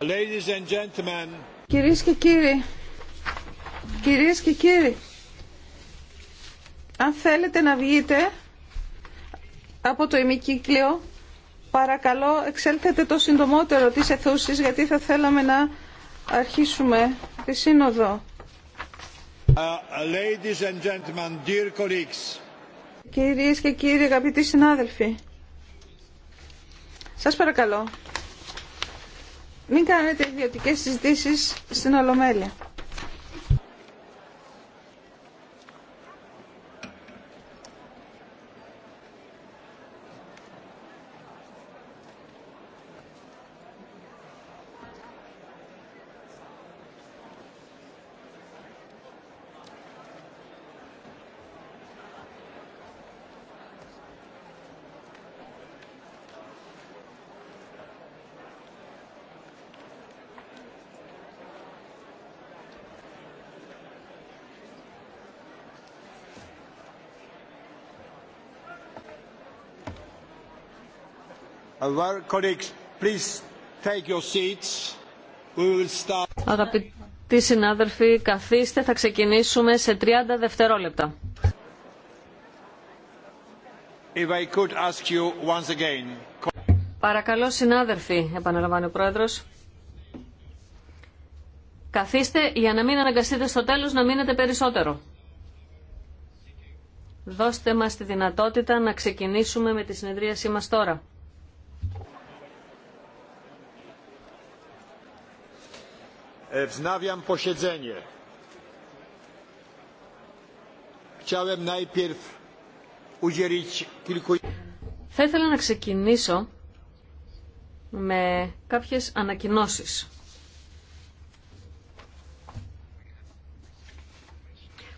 Ladies Κυρίες και κύριοι, κυρίες και κύριοι, αν θέλετε να βγείτε από το ημικύκλιο, παρακαλώ εξέλθετε το συντομότερο της αιθούσης, γιατί θα θέλαμε να αρχίσουμε τη σύνοδο. Uh, ladies and Κυρίες και κύριοι αγαπητοί συνάδελφοι, σας παρακαλώ, μην κάνετε ιδιωτικές συζητήσεις στην Ολομέλεια. Αγαπητοί συνάδελφοι, καθίστε, θα ξεκινήσουμε σε 30 δευτερόλεπτα. Παρακαλώ συνάδελφοι, επαναλαμβάνει ο Πρόεδρος, καθίστε για να μην αναγκαστείτε στο τέλος να μείνετε περισσότερο. Δώστε μας τη δυνατότητα να ξεκινήσουμε με τη συνεδρίασή μας τώρα. Wznawiam Θα ήθελα να ξεκινήσω με κάποιες ανακοινώσεις.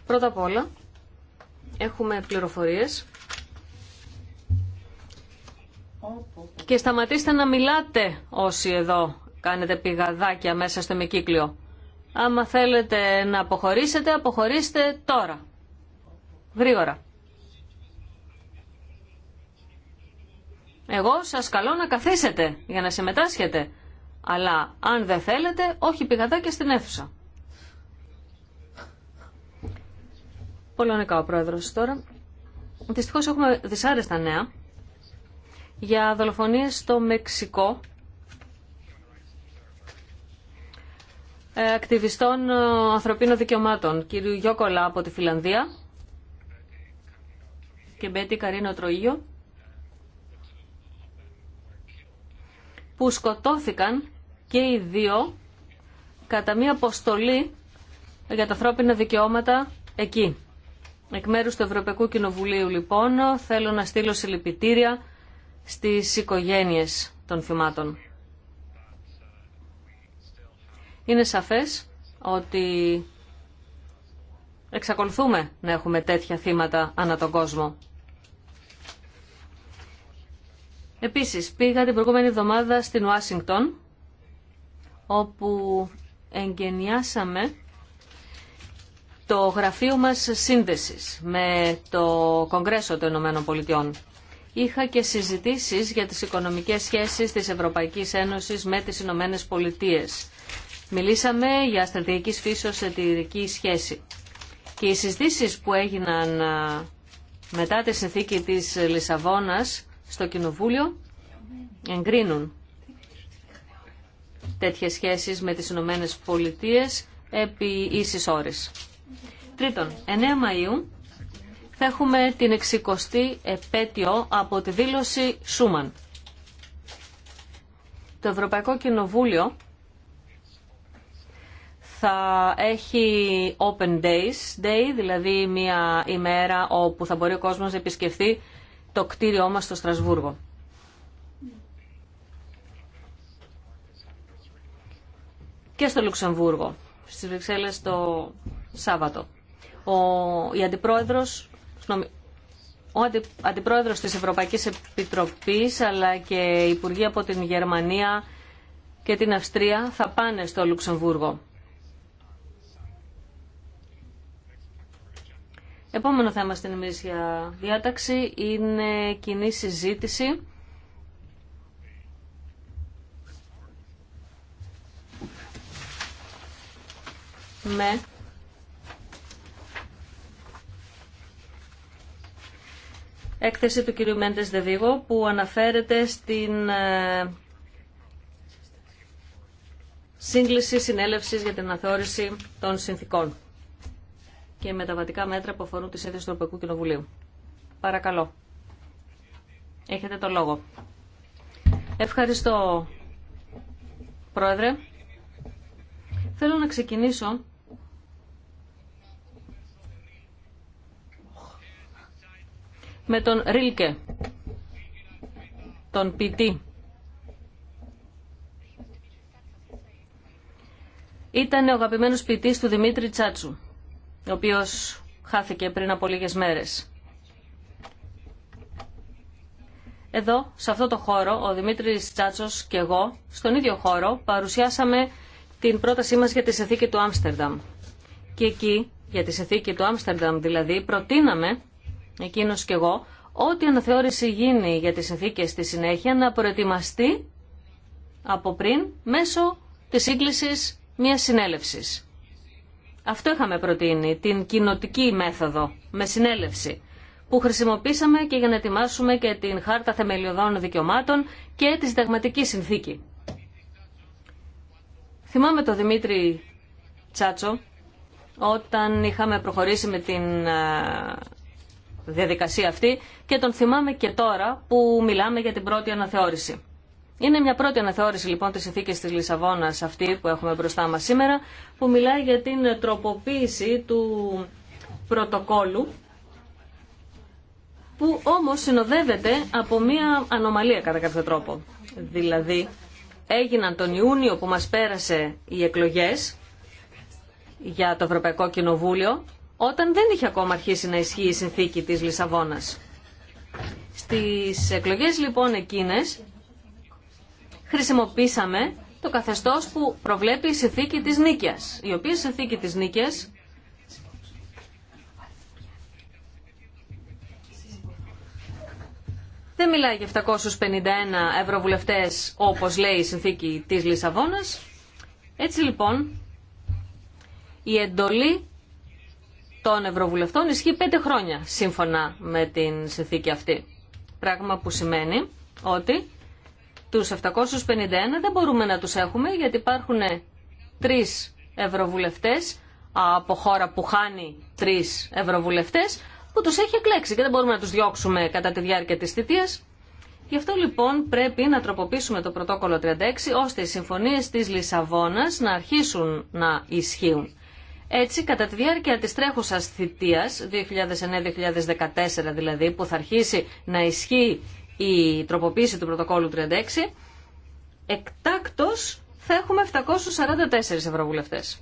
Πρώτα απ' όλα, έχουμε πληροφορίες και σταματήστε να μιλάτε όσοι εδώ κάνετε πηγαδάκια μέσα στο μικύκλιο. Άμα θέλετε να αποχωρήσετε, αποχωρήστε τώρα. Γρήγορα. Εγώ σας καλώ να καθίσετε για να συμμετάσχετε. Αλλά αν δεν θέλετε, όχι πηγαδάκια στην αίθουσα. Πολωνικά ο πρόεδρος τώρα. Δυστυχώς έχουμε δυσάρεστα νέα για δολοφονίες στο Μεξικό ακτιβιστών ε, ανθρωπίνων δικαιωμάτων, κύριου Γιώκολα από τη Φιλανδία και Μπέτη Καρίνο Τροίγιο, που σκοτώθηκαν και οι δύο κατά μία αποστολή για τα ανθρώπινα δικαιώματα εκεί. Εκ μέρους του Ευρωπαϊκού Κοινοβουλίου, λοιπόν, θέλω να στείλω συλληπιτήρια στις οικογένειες των θυμάτων. Είναι σαφές ότι εξακολουθούμε να έχουμε τέτοια θύματα ανά τον κόσμο. Επίσης, πήγα την προηγούμενη εβδομάδα στην Ουάσιγκτον, όπου εγκαινιάσαμε το γραφείο μας σύνδεσης με το Κογκρέσο των Ηνωμένων Πολιτειών. Είχα και συζητήσεις για τις οικονομικές σχέσεις της Ευρωπαϊκής Ένωσης με τις Ηνωμένε Πολιτείες Μιλήσαμε για στρατηγική φύσεως εταιρική σχέση. Και οι συζητήσεις που έγιναν μετά τη συνθήκη της Λισαβόνας στο Κοινοβούλιο εγκρίνουν τέτοιες σχέσεις με τις Ηνωμένε Πολιτείες επί ίσης ώρες. Τρίτον, 9 Μαΐου θα έχουμε την 60 επέτειο από τη δήλωση Σούμαν. Το Ευρωπαϊκό Κοινοβούλιο θα έχει Open Days Day, δηλαδή μια ημέρα όπου θα μπορεί ο κόσμος να επισκεφθεί το κτίριό μας στο Στρασβούργο. Και στο Λουξεμβούργο, στις Βρυξέλλες το Σάββατο. Ο, η αντιπρόεδρος, ο αντι, αντιπρόεδρος της Ευρωπαϊκής Επιτροπής αλλά και υπουργοί από την Γερμανία και την Αυστρία θα πάνε στο Λουξεμβούργο. Επόμενο θέμα στην για διάταξη είναι κοινή συζήτηση. με έκθεση του κυρίου Μέντες Δεβίγο που αναφέρεται στην ε, σύγκληση συνέλευσης για την αθεώρηση των συνθήκων και μεταβατικά μέτρα που αφορούν τη σύνθεση του Ευρωπαϊκού Κοινοβουλίου. Παρακαλώ. Έχετε το λόγο. Ευχαριστώ, Πρόεδρε. Θέλω να ξεκινήσω με τον Ρίλκε, τον ποιητή. Ήταν ο αγαπημένος ποιητής του Δημήτρη Τσάτσου ο οποίος χάθηκε πριν από λίγες μέρες. Εδώ, σε αυτό το χώρο, ο Δημήτρης Τσάτσος και εγώ, στον ίδιο χώρο, παρουσιάσαμε την πρότασή μας για τη συνθήκη του Άμστερνταμ. Και εκεί, για τη σεθήκη του Άμστερνταμ δηλαδή, προτείναμε, εκείνος και εγώ, ό,τι αναθεώρηση γίνει για τις συνθήκες στη συνέχεια να προετοιμαστεί από πριν μέσω της σύγκλησης μιας συνέλευσης. Αυτό είχαμε προτείνει, την κοινοτική μέθοδο, με συνέλευση, που χρησιμοποίησαμε και για να ετοιμάσουμε και την Χάρτα Θεμελιωδών Δικαιωμάτων και τη Συνταγματική Συνθήκη. Θυμάμαι τον Δημήτρη Τσάτσο, όταν είχαμε προχωρήσει με την ε, διαδικασία αυτή και τον θυμάμαι και τώρα που μιλάμε για την πρώτη αναθεώρηση. Είναι μια πρώτη αναθεώρηση λοιπόν της συνθήκης τη Λισαβόνα αυτή που έχουμε μπροστά μα σήμερα που μιλάει για την τροποποίηση του πρωτοκόλου που όμως συνοδεύεται από μια ανομαλία κατά κάποιο τρόπο. Δηλαδή έγιναν τον Ιούνιο που μας πέρασε οι εκλογές για το Ευρωπαϊκό Κοινοβούλιο όταν δεν είχε ακόμα αρχίσει να ισχύει η συνθήκη της Λισαβόνας. Στις εκλογές λοιπόν εκείνες χρησιμοποίησαμε το καθεστώς που προβλέπει η συνθήκη της νίκαιας, η οποία συνθήκη της νίκαιας δεν μιλάει για 751 ευρωβουλευτές όπως λέει η συνθήκη της Λισαβόνας. Έτσι λοιπόν η εντολή των ευρωβουλευτών ισχύει 5 χρόνια σύμφωνα με την συνθήκη αυτή. Πράγμα που σημαίνει ότι τους 751 δεν μπορούμε να τους έχουμε γιατί υπάρχουν τρεις ευρωβουλευτές από χώρα που χάνει τρεις ευρωβουλευτές που τους έχει εκλέξει και δεν μπορούμε να τους διώξουμε κατά τη διάρκεια της θητείας. Γι' αυτό λοιπόν πρέπει να τροποποιήσουμε το πρωτόκολλο 36 ώστε οι συμφωνίες της Λισαβόνας να αρχίσουν να ισχύουν. Έτσι, κατά τη διάρκεια της τρέχουσας θητείας, 2009-2014 δηλαδή, που θα αρχίσει να ισχύει η τροποποίηση του πρωτοκόλλου 36, εκτάκτος θα έχουμε 744 ευρωβουλευτές.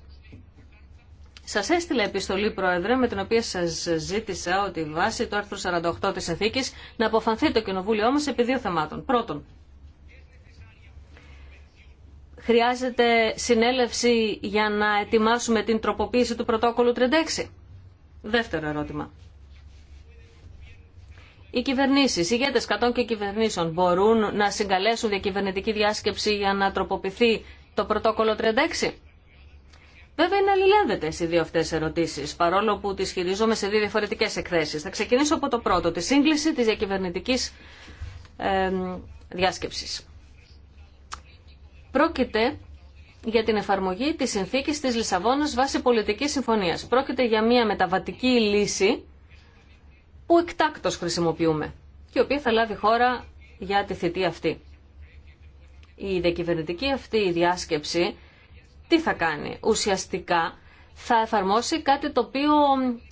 Σας έστειλε επιστολή, Πρόεδρε, με την οποία σας ζήτησα ότι βάσει το άρθρο 48 της αθήκης να αποφανθεί το Κοινοβούλιο μας επί δύο θεμάτων. Πρώτον, χρειάζεται συνέλευση για να ετοιμάσουμε την τροποποίηση του πρωτόκολλου 36. Δεύτερο ερώτημα. Οι κυβερνήσει, οι ηγέτε κατών και κυβερνήσεων μπορούν να συγκαλέσουν διακυβερνητική διάσκεψη για να τροποποιηθεί το πρωτόκολλο 36. Βέβαια είναι αλληλένδετε οι δύο αυτέ ερωτήσει, παρόλο που τι χειρίζομαι σε δύο διαφορετικέ εκθέσει. Θα ξεκινήσω από το πρώτο, τη σύγκληση τη διακυβερνητική ε, διάσκεψη. Πρόκειται για την εφαρμογή της συνθήκης της Λισαβόνας βάσει πολιτικής συμφωνίας. Πρόκειται για μια μεταβατική λύση που εκτάκτο χρησιμοποιούμε και η οποία θα λάβει χώρα για τη θητεία αυτή. Η διακυβερνητική αυτή διάσκεψη τι θα κάνει ουσιαστικά θα εφαρμόσει κάτι το οποίο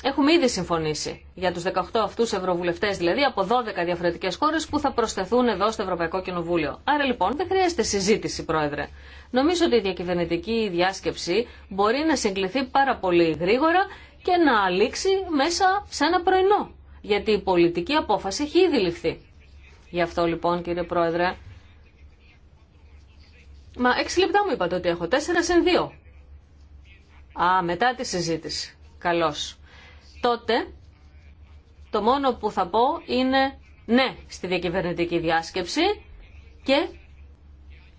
έχουμε ήδη συμφωνήσει για τους 18 αυτούς ευρωβουλευτές, δηλαδή από 12 διαφορετικές χώρες που θα προσθεθούν εδώ στο Ευρωπαϊκό Κοινοβούλιο. Άρα λοιπόν δεν χρειάζεται συζήτηση, Πρόεδρε. Νομίζω ότι η διακυβερνητική διάσκεψη μπορεί να συγκληθεί πάρα πολύ γρήγορα και να λήξει μέσα σε ένα πρωινό γιατί η πολιτική απόφαση έχει ήδη ληφθεί. Γι' αυτό λοιπόν κύριε Πρόεδρε, μα έξι λεπτά μου είπατε ότι έχω, τέσσερα συν δύο. Α, μετά τη συζήτηση. Καλώς. Τότε το μόνο που θα πω είναι ναι στη διακυβερνητική διάσκεψη και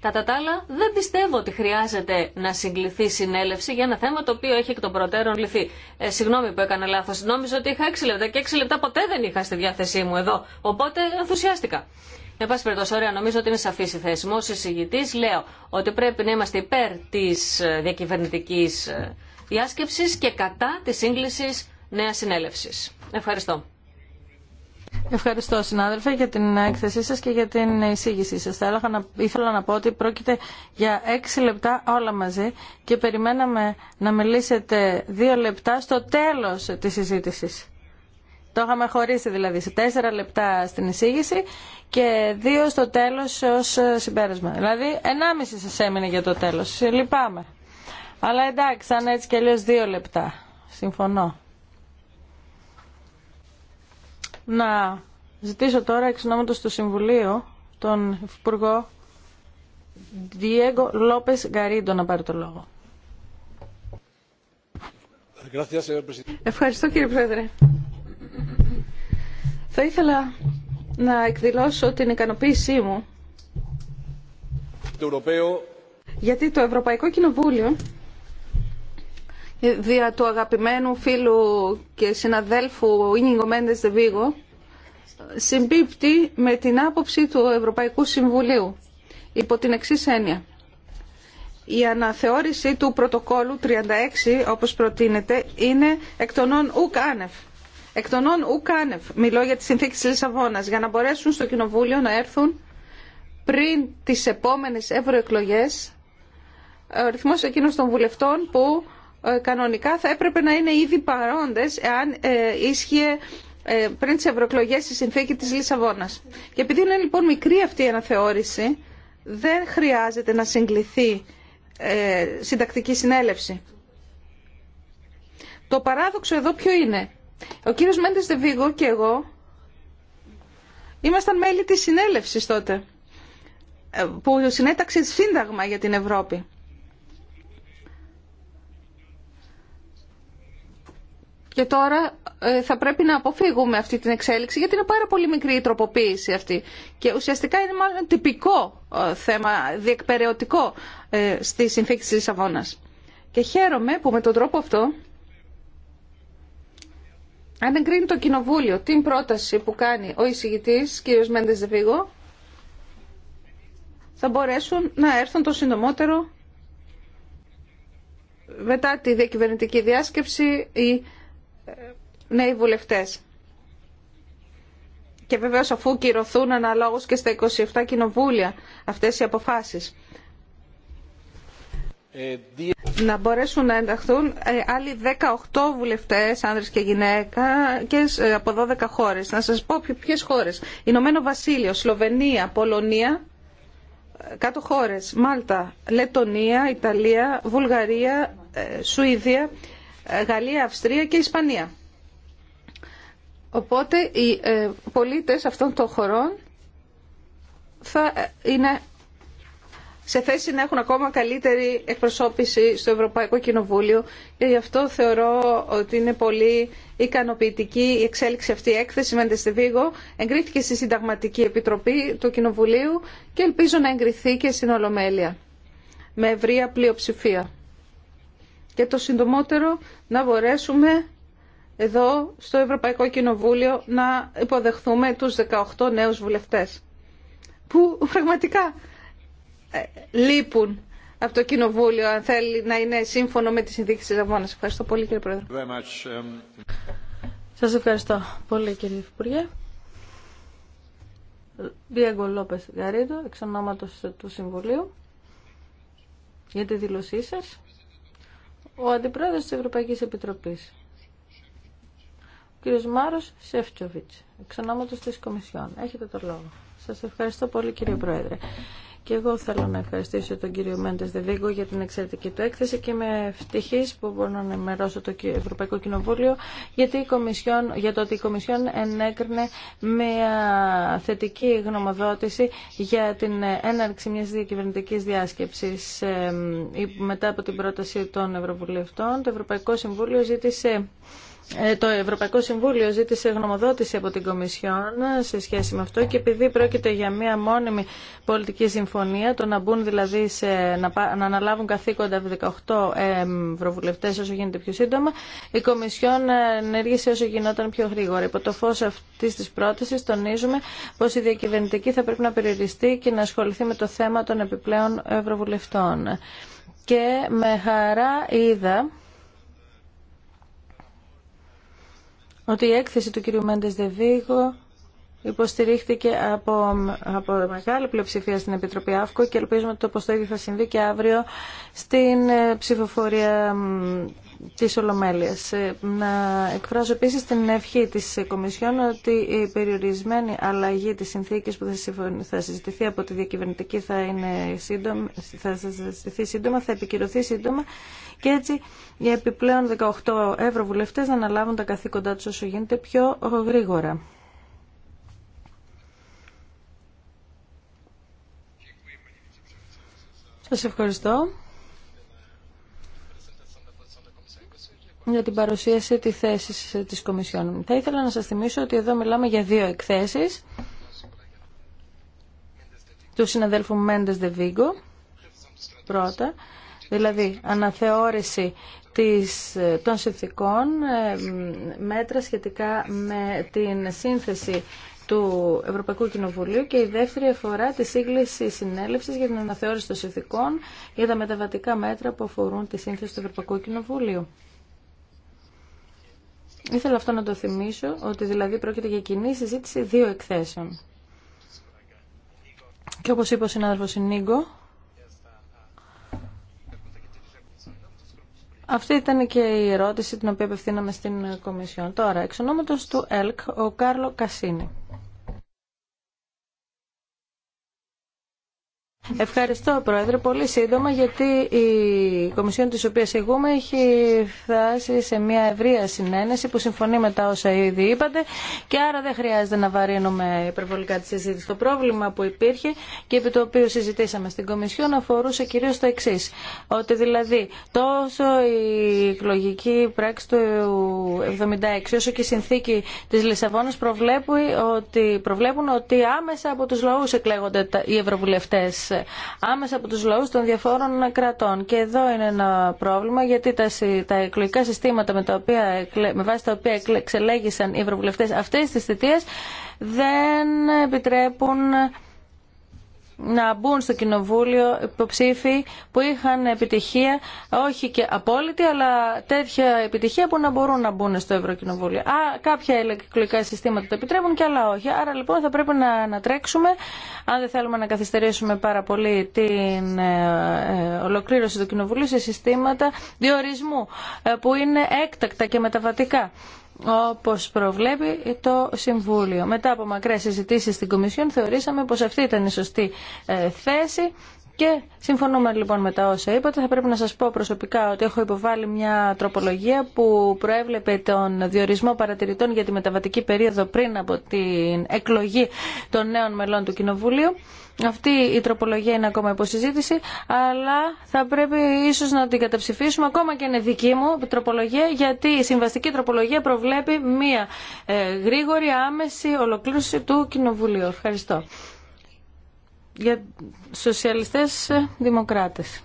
Κατά τα άλλα, δεν πιστεύω ότι χρειάζεται να συγκληθεί συνέλευση για ένα θέμα το οποίο έχει εκ των προτέρων λυθεί. Ε, συγγνώμη που έκανα λάθο. Νόμιζα ότι είχα 6 λεπτά και 6 λεπτά ποτέ δεν είχα στη διάθεσή μου εδώ. Οπότε ενθουσιάστηκα. Εν πάση περιπτώσει, ωραία, νομίζω ότι είναι σαφή η θέση μου. Ω εισηγητή, λέω ότι πρέπει να είμαστε υπέρ τη ε, διακυβερνητική ε, διάσκεψη και κατά τη σύγκληση νέα συνέλευση. Ευχαριστώ. Ευχαριστώ συνάδελφε για την έκθεσή σας και για την εισήγησή σας. Θα ήθελα να πω ότι πρόκειται για έξι λεπτά όλα μαζί και περιμέναμε να μιλήσετε δύο λεπτά στο τέλος της συζήτησης. Το είχαμε χωρίσει δηλαδή σε τέσσερα λεπτά στην εισήγηση και δύο στο τέλος ως συμπέρασμα. Δηλαδή ενάμιση σας έμεινε για το τέλος. Λυπάμαι. Αλλά εντάξει, αν έτσι και αλλιώ δύο λεπτά. Συμφωνώ να ζητήσω τώρα εξ στο του Συμβουλίου τον Υπουργό Διέγκο Λόπες Γκαρίντο να πάρει το λόγο. Ευχαριστώ κύριε Πρόεδρε. Θα ήθελα να εκδηλώσω την ικανοποίησή μου το γιατί το Ευρωπαϊκό Κοινοβούλιο δια του αγαπημένου φίλου και συναδέλφου Ίνιγκο Μέντες Δεβίγο συμπίπτει με την άποψη του Ευρωπαϊκού Συμβουλίου υπό την εξή έννοια. Η αναθεώρηση του πρωτοκόλου 36, όπως προτείνεται, είναι εκ των ουκ άνευ. Εκ των ουκ άνευ, μιλώ για τη συνθήκη της Λισαβόνας, για να μπορέσουν στο Κοινοβούλιο να έρθουν πριν τις επόμενες ευρωεκλογές ο ρυθμός εκείνος των βουλευτών που ε, κανονικά θα έπρεπε να είναι ήδη παρόντες εάν ε, ίσχυε ε, πριν τις ευρωεκλογές η συνθήκη της Λισαβόνας. Και επειδή είναι λοιπόν μικρή αυτή η αναθεώρηση, δεν χρειάζεται να συγκληθεί συντακτική συνέλευση. Το παράδοξο εδώ ποιο είναι. Ο κύριος Μέντες Δεβίγο και εγώ ήμασταν μέλη της συνέλευσης τότε που συνέταξε σύνταγμα για την Ευρώπη. Και τώρα ε, θα πρέπει να αποφύγουμε αυτή την εξέλιξη γιατί είναι πάρα πολύ μικρή η τροποποίηση αυτή. Και ουσιαστικά είναι μάλλον τυπικό ε, θέμα, διεκπαιρεωτικό ε, στη συνθήκη της Λισαβόνα. Και χαίρομαι που με τον τρόπο αυτό, αν εγκρίνει το Κοινοβούλιο την πρόταση που κάνει ο εισηγητής, κ. Μέντες Δεβίγο, θα μπορέσουν να έρθουν το συντομότερο μετά τη διακυβερνητική διάσκεψη ή ε, νέοι βουλευτές. Και βεβαίως αφού κυρωθούν αναλόγως και στα 27 κοινοβούλια αυτές οι αποφάσεις. Να μπορέσουν να ενταχθούν ε, άλλοι 18 βουλευτές, άνδρες και γυναίκα, ε, από 12 χώρες. Να σας πω ποιες χώρες. Ηνωμένο Βασίλειο, Σλοβενία, Πολωνία, κάτω χώρες. Μάλτα, Λετωνία, Ιταλία, Βουλγαρία, Σουηδία ε, Γαλλία, Αυστρία και Ισπανία. Οπότε οι ε, πολίτες αυτών των χωρών θα ε, είναι σε θέση να έχουν ακόμα καλύτερη εκπροσώπηση στο Ευρωπαϊκό Κοινοβούλιο και γι' αυτό θεωρώ ότι είναι πολύ ικανοποιητική η εξέλιξη αυτή η έκθεση με στη Βίγο. Εγκρίθηκε στη Συνταγματική Επιτροπή του Κοινοβουλίου και ελπίζω να εγκριθεί και στην Ολομέλεια με ευρεία πλειοψηφία και το συντομότερο να μπορέσουμε εδώ στο Ευρωπαϊκό Κοινοβούλιο να υποδεχθούμε τους 18 νέους βουλευτές που πραγματικά ε, λείπουν από το Κοινοβούλιο αν θέλει να είναι σύμφωνο με τις συνθήκες της Αβώνας. Ευχαριστώ πολύ κύριε Πρόεδρε. Um, σας ευχαριστώ πολύ κύριε Υπουργέ. Διέγκο Λόπες Γαρίδο, εξ του Συμβουλίου, για τη δήλωσή σας ο Αντιπρόεδρος της Ευρωπαϊκής Επιτροπής, ο κ. Μάρος Σεφτσοβιτς, εξ ονόματος της Κομισιόν. Έχετε το λόγο. Σας ευχαριστώ πολύ κύριε Πρόεδρε. Και εγώ θέλω να ευχαριστήσω τον κύριο Μέντες Δεβίγκο για την εξαιρετική του έκθεση και είμαι ευτυχή που μπορώ να ενημερώσω το Ευρωπαϊκό Κοινοβούλιο γιατί η Κομισιόν, για το ότι η Κομισιόν ενέκρινε μια θετική γνωμοδότηση για την έναρξη μιας διακυβερνητικής διάσκεψης μετά από την πρόταση των Ευρωβουλευτών. Το Ευρωπαϊκό Συμβούλιο ζήτησε ε, το Ευρωπαϊκό Συμβούλιο ζήτησε γνωμοδότηση από την Κομισιόν σε σχέση με αυτό και επειδή πρόκειται για μία μόνιμη πολιτική συμφωνία, το να μπουν δηλαδή σε, να, αναλάβουν καθήκοντα 18 ε, ευρωβουλευτέ όσο γίνεται πιο σύντομα, η Κομισιόν ενέργησε όσο γινόταν πιο γρήγορα. Υπό το φω αυτή τη πρόταση, τονίζουμε πω η διακυβερνητική θα πρέπει να περιοριστεί και να ασχοληθεί με το θέμα των επιπλέον ευρωβουλευτών. Και με χαρά είδα ότι η έκθεση του κ. Μέντες Δεβίγο υποστηρίχθηκε από, από μεγάλη πλειοψηφία στην Επιτροπή ΑΦΚΟ και ελπίζουμε ότι το ίδιο θα συμβεί και αύριο στην ε, ψηφοφορία Τη Ολομέλειας. Ε, να εκφράσω επίσης την ευχή της Κομισιόν ότι η περιορισμένη αλλαγή της συνθήκης που θα συζητηθεί από τη διακυβερνητική θα, είναι σύντομα, θα συζητηθεί σύντομα, θα επικυρωθεί σύντομα και έτσι οι επιπλέον 18 ευρωβουλευτές να αναλάβουν τα καθήκοντά τους όσο γίνεται πιο γρήγορα. Σας ευχαριστώ. για την παρουσίαση τη θέσης της Κομισιόν. Θα ήθελα να σας θυμίσω ότι εδώ μιλάμε για δύο εκθέσεις του συναδέλφου Μέντες Δεβίγκο πρώτα, δηλαδή αναθεώρηση της, των συνθηκών μέτρα σχετικά με την σύνθεση του Ευρωπαϊκού Κοινοβουλίου και η δεύτερη αφορά τη σύγκληση συνέλευση για την αναθεώρηση των συνθηκών για τα μεταβατικά μέτρα που αφορούν τη σύνθεση του Ευρωπαϊκού Κοινοβουλίου. Ήθελα αυτό να το θυμίσω, ότι δηλαδή πρόκειται για κοινή συζήτηση δύο εκθέσεων. Και όπως είπε ο συνάδελφος Νίγκο, Αυτή ήταν και η ερώτηση την οποία απευθύναμε στην Κομισιόν. Τώρα, εξ ονόματος του ΕΛΚ, ο Κάρλο Κασίνη. Ευχαριστώ Πρόεδρε. Πολύ σύντομα γιατί η Κομισιόν της οποίας ηγούμε έχει φτάσει σε μια ευρεία συνένεση που συμφωνεί με τα όσα ήδη είπατε και άρα δεν χρειάζεται να βαρύνουμε υπερβολικά τη συζήτηση. Το πρόβλημα που υπήρχε και επί το οποίο συζητήσαμε στην Κομισιόν αφορούσε κυρίως το εξή. Ότι δηλαδή τόσο η εκλογική πράξη του 76 όσο και η συνθήκη της Λισαβόνας προβλέπουν ότι, προβλέπουν ότι άμεσα από τους λαούς εκλέγονται οι ευρωβουλευτές άμεσα από τους λαούς των διαφόρων κρατών. Και εδώ είναι ένα πρόβλημα γιατί τα, τα εκλογικά συστήματα με, οποία, με βάση τα οποία εξελέγησαν οι ευρωβουλευτές αυτές τι θητείε δεν επιτρέπουν να μπουν στο κοινοβούλιο υποψήφοι που είχαν επιτυχία, όχι και απόλυτη, αλλά τέτοια επιτυχία που να μπορούν να μπουν στο Ευρωκοινοβούλιο. Α, κάποια ηλεκτρονικά συστήματα το επιτρέπουν και άλλα όχι. Άρα λοιπόν θα πρέπει να, να τρέξουμε, αν δεν θέλουμε να καθυστερήσουμε πάρα πολύ την ε, ε, ολοκλήρωση του Κοινοβουλίου σε συστήματα διορισμού ε, που είναι έκτακτα και μεταβατικά όπως προβλέπει το Συμβούλιο. Μετά από μακρές συζητήσεις στην Κομισιόν θεωρήσαμε πως αυτή ήταν η σωστή ε, θέση και συμφωνούμε λοιπόν με τα όσα είπατε. Θα πρέπει να σας πω προσωπικά ότι έχω υποβάλει μια τροπολογία που προέβλεπε τον διορισμό παρατηρητών για τη μεταβατική περίοδο πριν από την εκλογή των νέων μελών του Κοινοβουλίου. Αυτή η τροπολογία είναι ακόμα υποσυζήτηση, αλλά θα πρέπει ίσως να την καταψηφίσουμε ακόμα και είναι δική μου τροπολογία, γιατί η συμβαστική τροπολογία προβλέπει μία ε, γρήγορη, άμεση ολοκλήρωση του Κοινοβουλίου. Ευχαριστώ. Για σοσιαλιστές ε, δημοκράτες.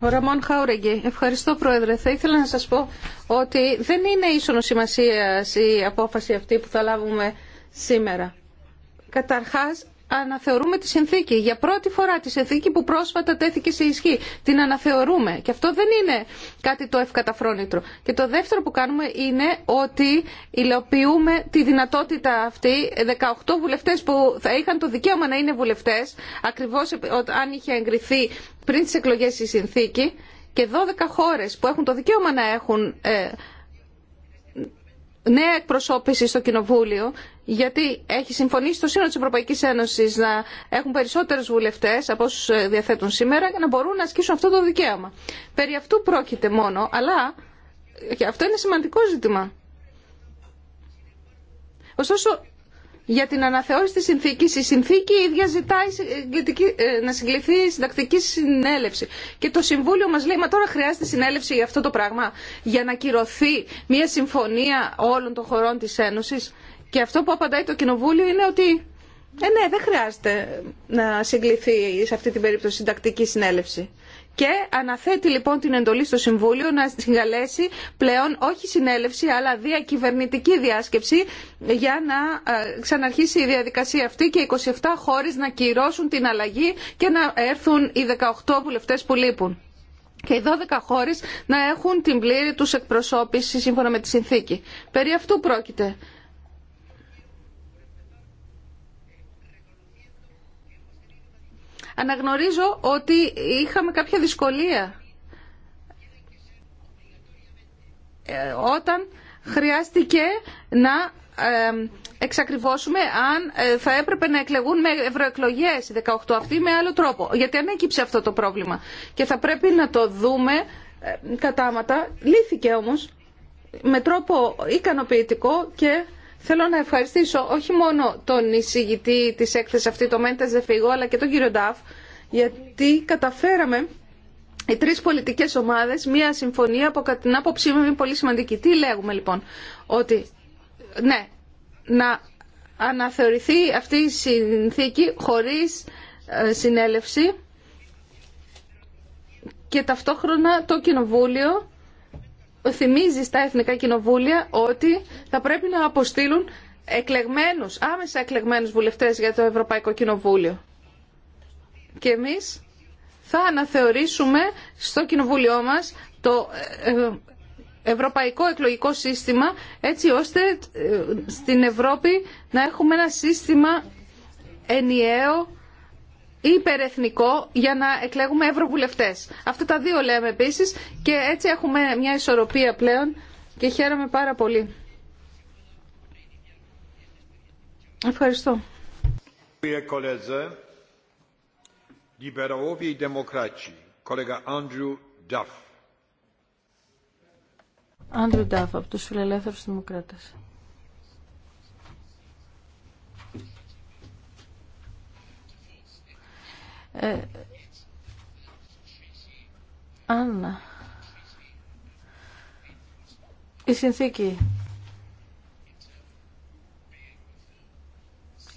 Ο Ραμόν Χάουρεγγι. Ευχαριστώ, Πρόεδρε. Θα ήθελα να σας πω ότι δεν είναι ίσονο σημασία η απόφαση αυτή που θα λάβουμε σήμερα. Καταρχάς, αναθεωρούμε τη συνθήκη. Για πρώτη φορά τη συνθήκη που πρόσφατα τέθηκε σε ισχύ. Την αναθεωρούμε. Και αυτό δεν είναι κάτι το ευκαταφρόνητρο. Και το δεύτερο που κάνουμε είναι ότι υλοποιούμε τη δυνατότητα αυτή 18 βουλευτέ, που θα είχαν το δικαίωμα να είναι βουλευτέ, ακριβώς αν είχε εγκριθεί πριν τι εκλογέ η συνθήκη και 12 χώρες που έχουν το δικαίωμα να έχουν ε, νέα εκπροσώπηση στο Κοινοβούλιο, γιατί έχει συμφωνήσει το Σύνολο της Ευρωπαϊκής Ένωσης να έχουν περισσότερους βουλευτές από όσους ε, διαθέτουν σήμερα για να μπορούν να ασκήσουν αυτό το δικαίωμα. Περί αυτού πρόκειται μόνο, αλλά ε, και αυτό είναι σημαντικό ζήτημα. Ωστόσο, για την αναθεώρηση της συνθήκης. Η συνθήκη ίδια ζητάει ε, να συγκληθεί η συντακτική συνέλευση. Και το Συμβούλιο μας λέει, μα τώρα χρειάζεται συνέλευση για αυτό το πράγμα, για να κυρωθεί μια συμφωνία όλων των χωρών της Ένωσης. Και αυτό που απαντάει το Κοινοβούλιο είναι ότι ε, ναι, δεν χρειάζεται να συγκληθεί σε αυτή την περίπτωση συντακτική συνέλευση και αναθέτει λοιπόν την εντολή στο Συμβούλιο να συγκαλέσει πλέον όχι συνέλευση αλλά διακυβερνητική διάσκεψη για να ε, ξαναρχίσει η διαδικασία αυτή και 27 χώρες να κυρώσουν την αλλαγή και να έρθουν οι 18 βουλευτές που λείπουν και οι 12 χώρες να έχουν την πλήρη τους εκπροσώπηση σύμφωνα με τη συνθήκη. Περί αυτού πρόκειται. αναγνωρίζω ότι είχαμε κάποια δυσκολία ε, όταν χρειάστηκε να εξακριβώσουμε αν ε, θα έπρεπε να εκλεγούν με ευρωεκλογέ οι 18 αυτοί με άλλο τρόπο. Γιατί ανέκυψε αυτό το πρόβλημα. Και θα πρέπει να το δούμε ε, κατάματα. Λύθηκε όμως με τρόπο ικανοποιητικό και Θέλω να ευχαριστήσω όχι μόνο τον εισηγητή της έκθεσης αυτή, τον Μέντας Δεφίγο, αλλά και τον κύριο Νταφ, γιατί καταφέραμε οι τρεις πολιτικές ομάδες μια συμφωνία που κατά την άποψή μου είναι πολύ σημαντική. Τι λέγουμε λοιπόν, ότι ναι, να αναθεωρηθεί αυτή η συνθήκη χωρίς ε, συνέλευση και ταυτόχρονα το Κοινοβούλιο θυμίζει στα εθνικά κοινοβούλια ότι θα πρέπει να αποστείλουν εκλεγμένους, άμεσα εκλεγμένους βουλευτές για το Ευρωπαϊκό Κοινοβούλιο. Και εμείς θα αναθεωρήσουμε στο Κοινοβούλιο μας το ε, ε, ευρωπαϊκό εκλογικό σύστημα έτσι ώστε ε, στην Ευρώπη να έχουμε ένα σύστημα ενιαίο υπερεθνικό για να εκλέγουμε ευρωβουλευτές. Αυτά τα δύο λέμε επίσης και έτσι έχουμε μια ισορροπία πλέον και χαίρομαι πάρα πολύ. Ευχαριστώ. Άντρου Ντάφ από τους Φιλελεύθερους Δημοκράτες. Ε, αν η συνθήκη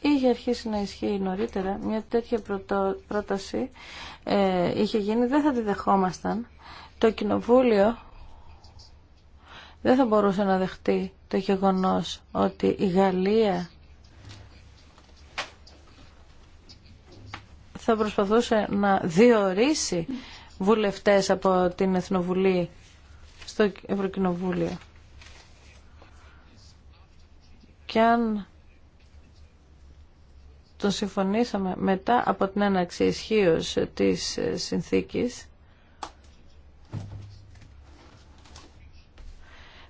είχε αρχίσει να ισχύει νωρίτερα, μια τέτοια πρόταση ε, είχε γίνει, δεν θα τη δεχόμασταν. Το Κοινοβούλιο δεν θα μπορούσε να δεχτεί το γεγονός ότι η Γαλλία θα προσπαθούσε να διορίσει βουλευτές από την Εθνοβουλή στο Ευρωκοινοβούλιο. Και αν τον συμφωνήσαμε μετά από την έναξη ισχύω της ε, συνθήκης,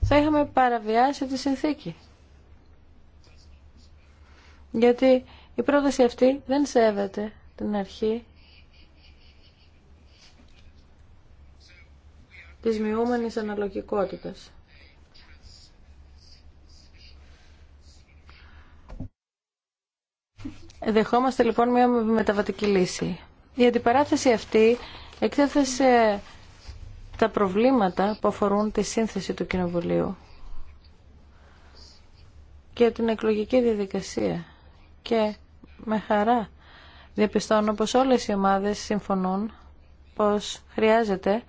θα είχαμε παραβιάσει τη συνθήκη. Γιατί η πρόταση αυτή δεν σέβεται την αρχή της μειούμενης αναλογικότητας. Δεχόμαστε λοιπόν μια μεταβατική λύση. Η αντιπαράθεση αυτή εκτέθεσε τα προβλήματα που αφορούν τη σύνθεση του Κοινοβουλίου και την εκλογική διαδικασία και με χαρά Διαπιστώνω πως όλες οι ομάδες συμφωνούν πως χρειάζεται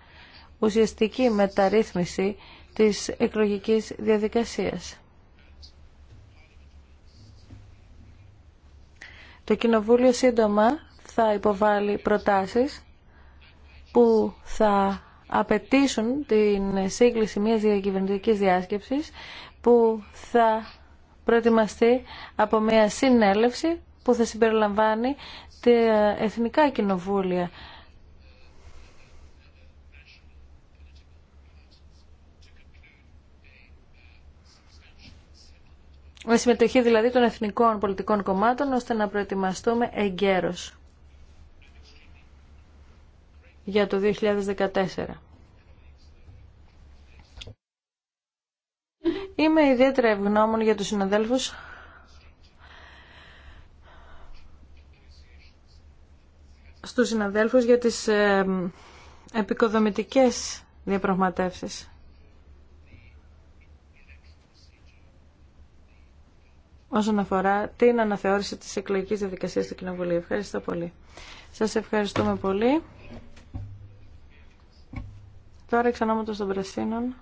ουσιαστική μεταρρύθμιση της εκλογικής διαδικασίας. Το Κοινοβούλιο σύντομα θα υποβάλει προτάσεις που θα απαιτήσουν την σύγκληση μιας διακυβερνητικής διάσκεψης που θα προετοιμαστεί από μια συνέλευση που θα συμπεριλαμβάνει τα εθνικά κοινοβούλια. Με συμμετοχή δηλαδή των εθνικών πολιτικών κομμάτων ώστε να προετοιμαστούμε εγκαίρως για το 2014. Είμαι ιδιαίτερα ευγνώμων για τους συναδέλφους στους συναδέλφους για τις ε, επικοδομητικές διαπραγματεύσεις. όσον αφορά την αναθεώρηση της εκλογικής διαδικασίας του Κοινοβουλίου. Ευχαριστώ πολύ. Σας ευχαριστούμε πολύ. Τώρα εξ το των Πρασίνων,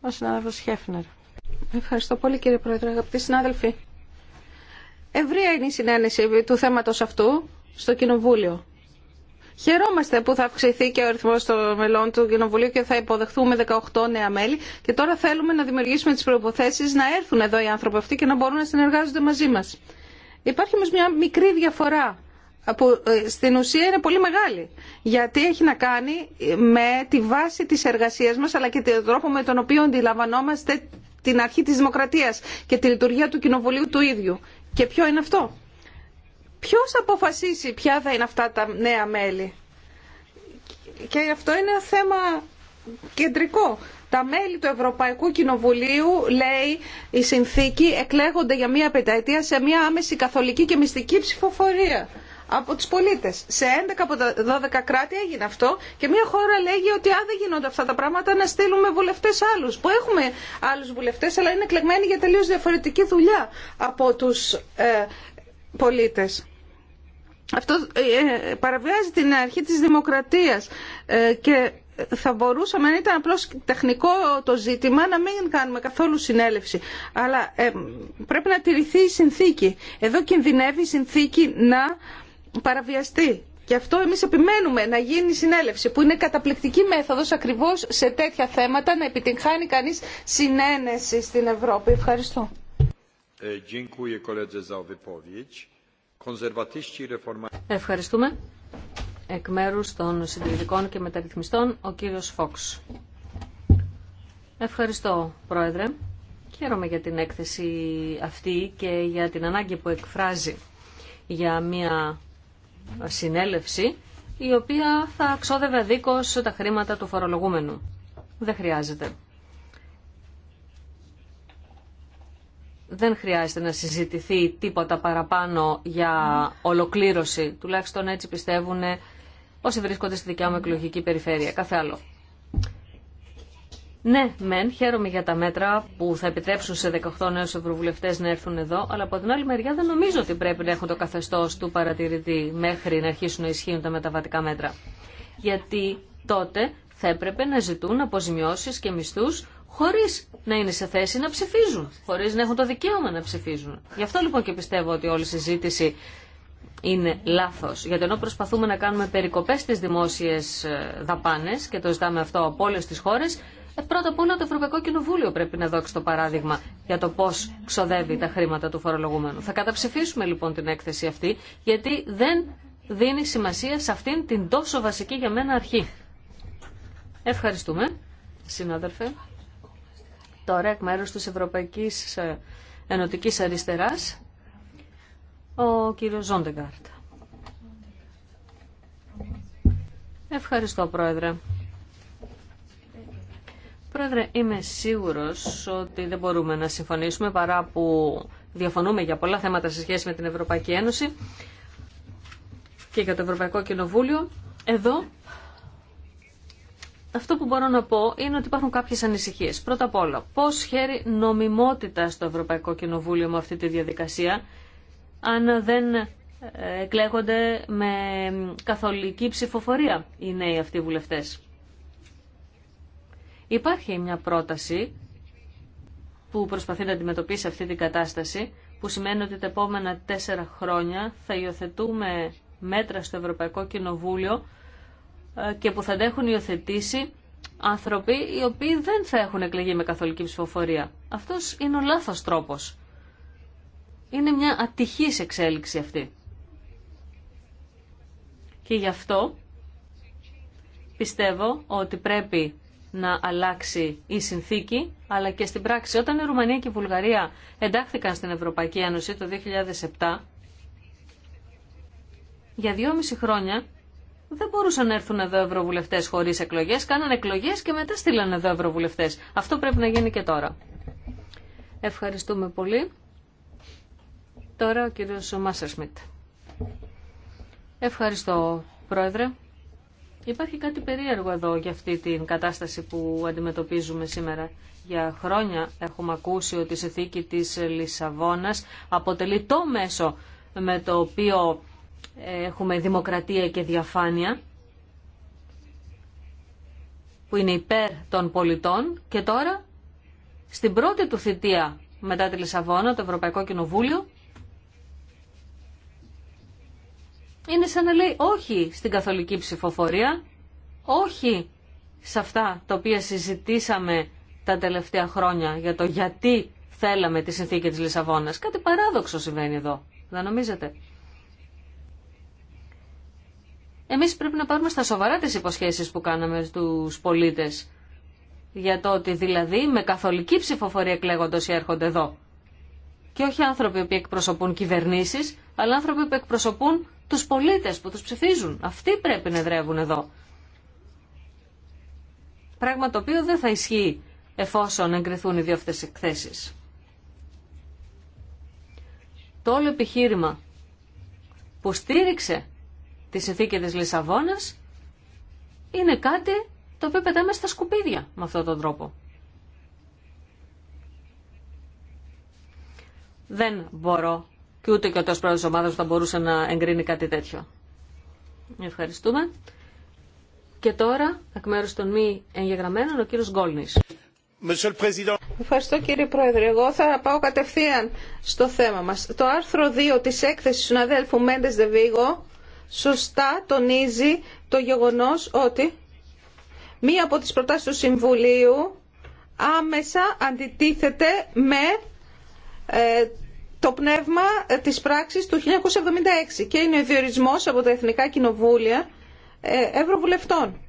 ο συνάδελφος Χέφνερ. Ευχαριστώ πολύ κύριε Πρόεδρε, αγαπητοί συνάδελφοι. Ευρία είναι η συνένεση του θέματος αυτού στο Κοινοβούλιο. Χαιρόμαστε που θα αυξηθεί και ο αριθμό των μελών του Κοινοβουλίου και θα υποδεχθούμε 18 νέα μέλη. Και τώρα θέλουμε να δημιουργήσουμε τι προποθέσει να έρθουν εδώ οι άνθρωποι αυτοί και να μπορούν να συνεργάζονται μαζί μα. Υπάρχει όμω μια μικρή διαφορά που ε, στην ουσία είναι πολύ μεγάλη. Γιατί έχει να κάνει ε, με τη βάση της εργασίας μας αλλά και τον τρόπο με τον οποίο αντιλαμβανόμαστε την αρχή της δημοκρατίας και τη λειτουργία του κοινοβουλίου του ίδιου. Και ποιο είναι αυτό. Ποιος αποφασίσει ποια θα είναι αυτά τα νέα μέλη. Και αυτό είναι ένα θέμα κεντρικό. Τα μέλη του Ευρωπαϊκού Κοινοβουλίου, λέει η συνθήκη, εκλέγονται για μία πενταετία σε μία άμεση καθολική και μυστική ψηφοφορία από τους πολίτες. Σε 11 από τα 12 κράτη έγινε αυτό και μια χώρα λέγει ότι αν δεν γίνονται αυτά τα πράγματα να στείλουμε βουλευτές άλλους που έχουμε άλλους βουλευτές αλλά είναι εκλεγμένοι για τελείως διαφορετική δουλειά από τους ε, πολίτες. Αυτό ε, ε, παραβιάζει την αρχή της δημοκρατίας ε, και θα μπορούσαμε, αν ήταν απλώς τεχνικό το ζήτημα, να μην κάνουμε καθόλου συνέλευση. Αλλά πρέπει να τηρηθεί η συνθήκη. Εδώ κινδυνεύει η συνθήκη να παραβιαστεί. και αυτό εμείς επιμένουμε να γίνει συνέλευση, που είναι καταπληκτική μέθοδος ακριβώς σε τέτοια θέματα, να επιτυγχάνει κανείς συνένεση στην Ευρώπη. Ευχαριστώ. E, Ευχαριστούμε. Εκ μέρους των συντηρητικών και μεταρρυθμιστών, ο κύριος Φόξ. Ευχαριστώ, Πρόεδρε. Χαίρομαι για την έκθεση αυτή και για την ανάγκη που εκφράζει για μια συνέλευση η οποία θα ξόδευε δίκως τα χρήματα του φορολογούμενου. Δεν χρειάζεται. δεν χρειάζεται να συζητηθεί τίποτα παραπάνω για ολοκλήρωση. Τουλάχιστον έτσι πιστεύουν όσοι βρίσκονται στη δικιά μου εκλογική περιφέρεια. Κάθε άλλο. Ναι, μεν, χαίρομαι για τα μέτρα που θα επιτρέψουν σε 18 νέου ευρωβουλευτέ να έρθουν εδώ, αλλά από την άλλη μεριά δεν νομίζω ότι πρέπει να έχουν το καθεστώ του παρατηρητή μέχρι να αρχίσουν να ισχύουν τα μεταβατικά μέτρα. Γιατί τότε θα έπρεπε να ζητούν αποζημιώσει και μισθού χωρίς να είναι σε θέση να ψηφίζουν, χωρίς να έχουν το δικαίωμα να ψηφίζουν. Γι' αυτό λοιπόν και πιστεύω ότι όλη η συζήτηση είναι λάθος. Γιατί ενώ προσπαθούμε να κάνουμε περικοπές στις δημόσιες ε, δαπάνες και το ζητάμε αυτό από όλε τις χώρες, ε, πρώτα απ' όλα το Ευρωπαϊκό Κοινοβούλιο πρέπει να δώσει το παράδειγμα για το πώς ξοδεύει τα χρήματα του φορολογουμένου. Θα καταψηφίσουμε λοιπόν την έκθεση αυτή, γιατί δεν δίνει σημασία σε αυτήν την τόσο βασική για μένα αρχή. Ευχαριστούμε, συνάδελφε τώρα εκ μέρους της Ευρωπαϊκής ε, Ενωτικής Αριστεράς, ο κύριος Ζόντεγκάρτ. Ευχαριστώ, Πρόεδρε. Πρόεδρε, είμαι σίγουρος ότι δεν μπορούμε να συμφωνήσουμε παρά που διαφωνούμε για πολλά θέματα σε σχέση με την Ευρωπαϊκή Ένωση και για το Ευρωπαϊκό Κοινοβούλιο. Εδώ αυτό που μπορώ να πω είναι ότι υπάρχουν κάποιες ανησυχίες. Πρώτα απ' όλα, πώς χαίρει νομιμότητα στο Ευρωπαϊκό Κοινοβούλιο με αυτή τη διαδικασία, αν δεν ε, εκλέγονται με καθολική ψηφοφορία οι νέοι αυτοί βουλευτές. Υπάρχει μια πρόταση που προσπαθεί να αντιμετωπίσει αυτή την κατάσταση, που σημαίνει ότι τα επόμενα τέσσερα χρόνια θα υιοθετούμε μέτρα στο Ευρωπαϊκό Κοινοβούλιο και που θα τα έχουν υιοθετήσει άνθρωποι οι οποίοι δεν θα έχουν εκλεγεί με καθολική ψηφοφορία. Αυτός είναι ο λάθος τρόπος. Είναι μια ατυχής εξέλιξη αυτή. Και γι' αυτό πιστεύω ότι πρέπει να αλλάξει η συνθήκη, αλλά και στην πράξη. Όταν η Ρουμανία και η Βουλγαρία εντάχθηκαν στην Ευρωπαϊκή Ένωση το 2007, για δυόμιση χρόνια δεν μπορούσαν να έρθουν εδώ ευρωβουλευτέ χωρί εκλογέ. Κάνανε εκλογέ και μετά στείλανε εδώ ευρωβουλευτέ. Αυτό πρέπει να γίνει και τώρα. Ευχαριστούμε πολύ. Τώρα ο κύριο Μάσερσμιτ. Ευχαριστώ, Πρόεδρε. Υπάρχει κάτι περίεργο εδώ για αυτή την κατάσταση που αντιμετωπίζουμε σήμερα. Για χρόνια έχουμε ακούσει ότι η συνθήκη της Λισαβόνας αποτελεί το μέσο με το οποίο έχουμε δημοκρατία και διαφάνεια που είναι υπέρ των πολιτών και τώρα στην πρώτη του θητεία μετά τη Λισαβόνα, το Ευρωπαϊκό Κοινοβούλιο, είναι σαν να λέει όχι στην καθολική ψηφοφορία, όχι σε αυτά τα οποία συζητήσαμε τα τελευταία χρόνια για το γιατί θέλαμε τη συνθήκη της Λισαβόνας. Κάτι παράδοξο συμβαίνει εδώ, δεν νομίζετε. Εμείς πρέπει να πάρουμε στα σοβαρά τις υποσχέσεις που κάναμε στους πολίτες. Για το ότι δηλαδή με καθολική ψηφοφορία εκλέγοντος ή έρχονται εδώ. Και όχι άνθρωποι που εκπροσωπούν κυβερνήσεις, αλλά άνθρωποι που εκπροσωπούν τους πολίτες που τους ψηφίζουν. Αυτοί πρέπει να εδρεύουν εδώ. Πράγμα το οποίο δεν θα ισχύει εφόσον εγκριθούν οι δύο αυτές εκθέσεις. Το όλο επιχείρημα που στήριξε τη συνθήκη της Λισαβόνας είναι κάτι το οποίο πετάμε στα σκουπίδια με αυτόν τον τρόπο. Δεν μπορώ και ούτε και ο τόσο πρόεδρος ομάδας θα μπορούσε να εγκρίνει κάτι τέτοιο. Ευχαριστούμε. Και τώρα, εκ μέρους των μη εγγεγραμμένων, ο κύριος Γκόλνης. Ευχαριστώ κύριε Πρόεδρε. Εγώ θα πάω κατευθείαν στο θέμα μας. Το άρθρο 2 της έκθεσης του αδέλφου Μέντες Δεβίγο σωστά τονίζει το γεγονός ότι μία από τις προτάσεις του Συμβουλίου άμεσα αντιτίθεται με ε, το πνεύμα της πράξης του 1976 και είναι ο διορισμός από τα Εθνικά Κοινοβούλια ε, Ευρωβουλευτών.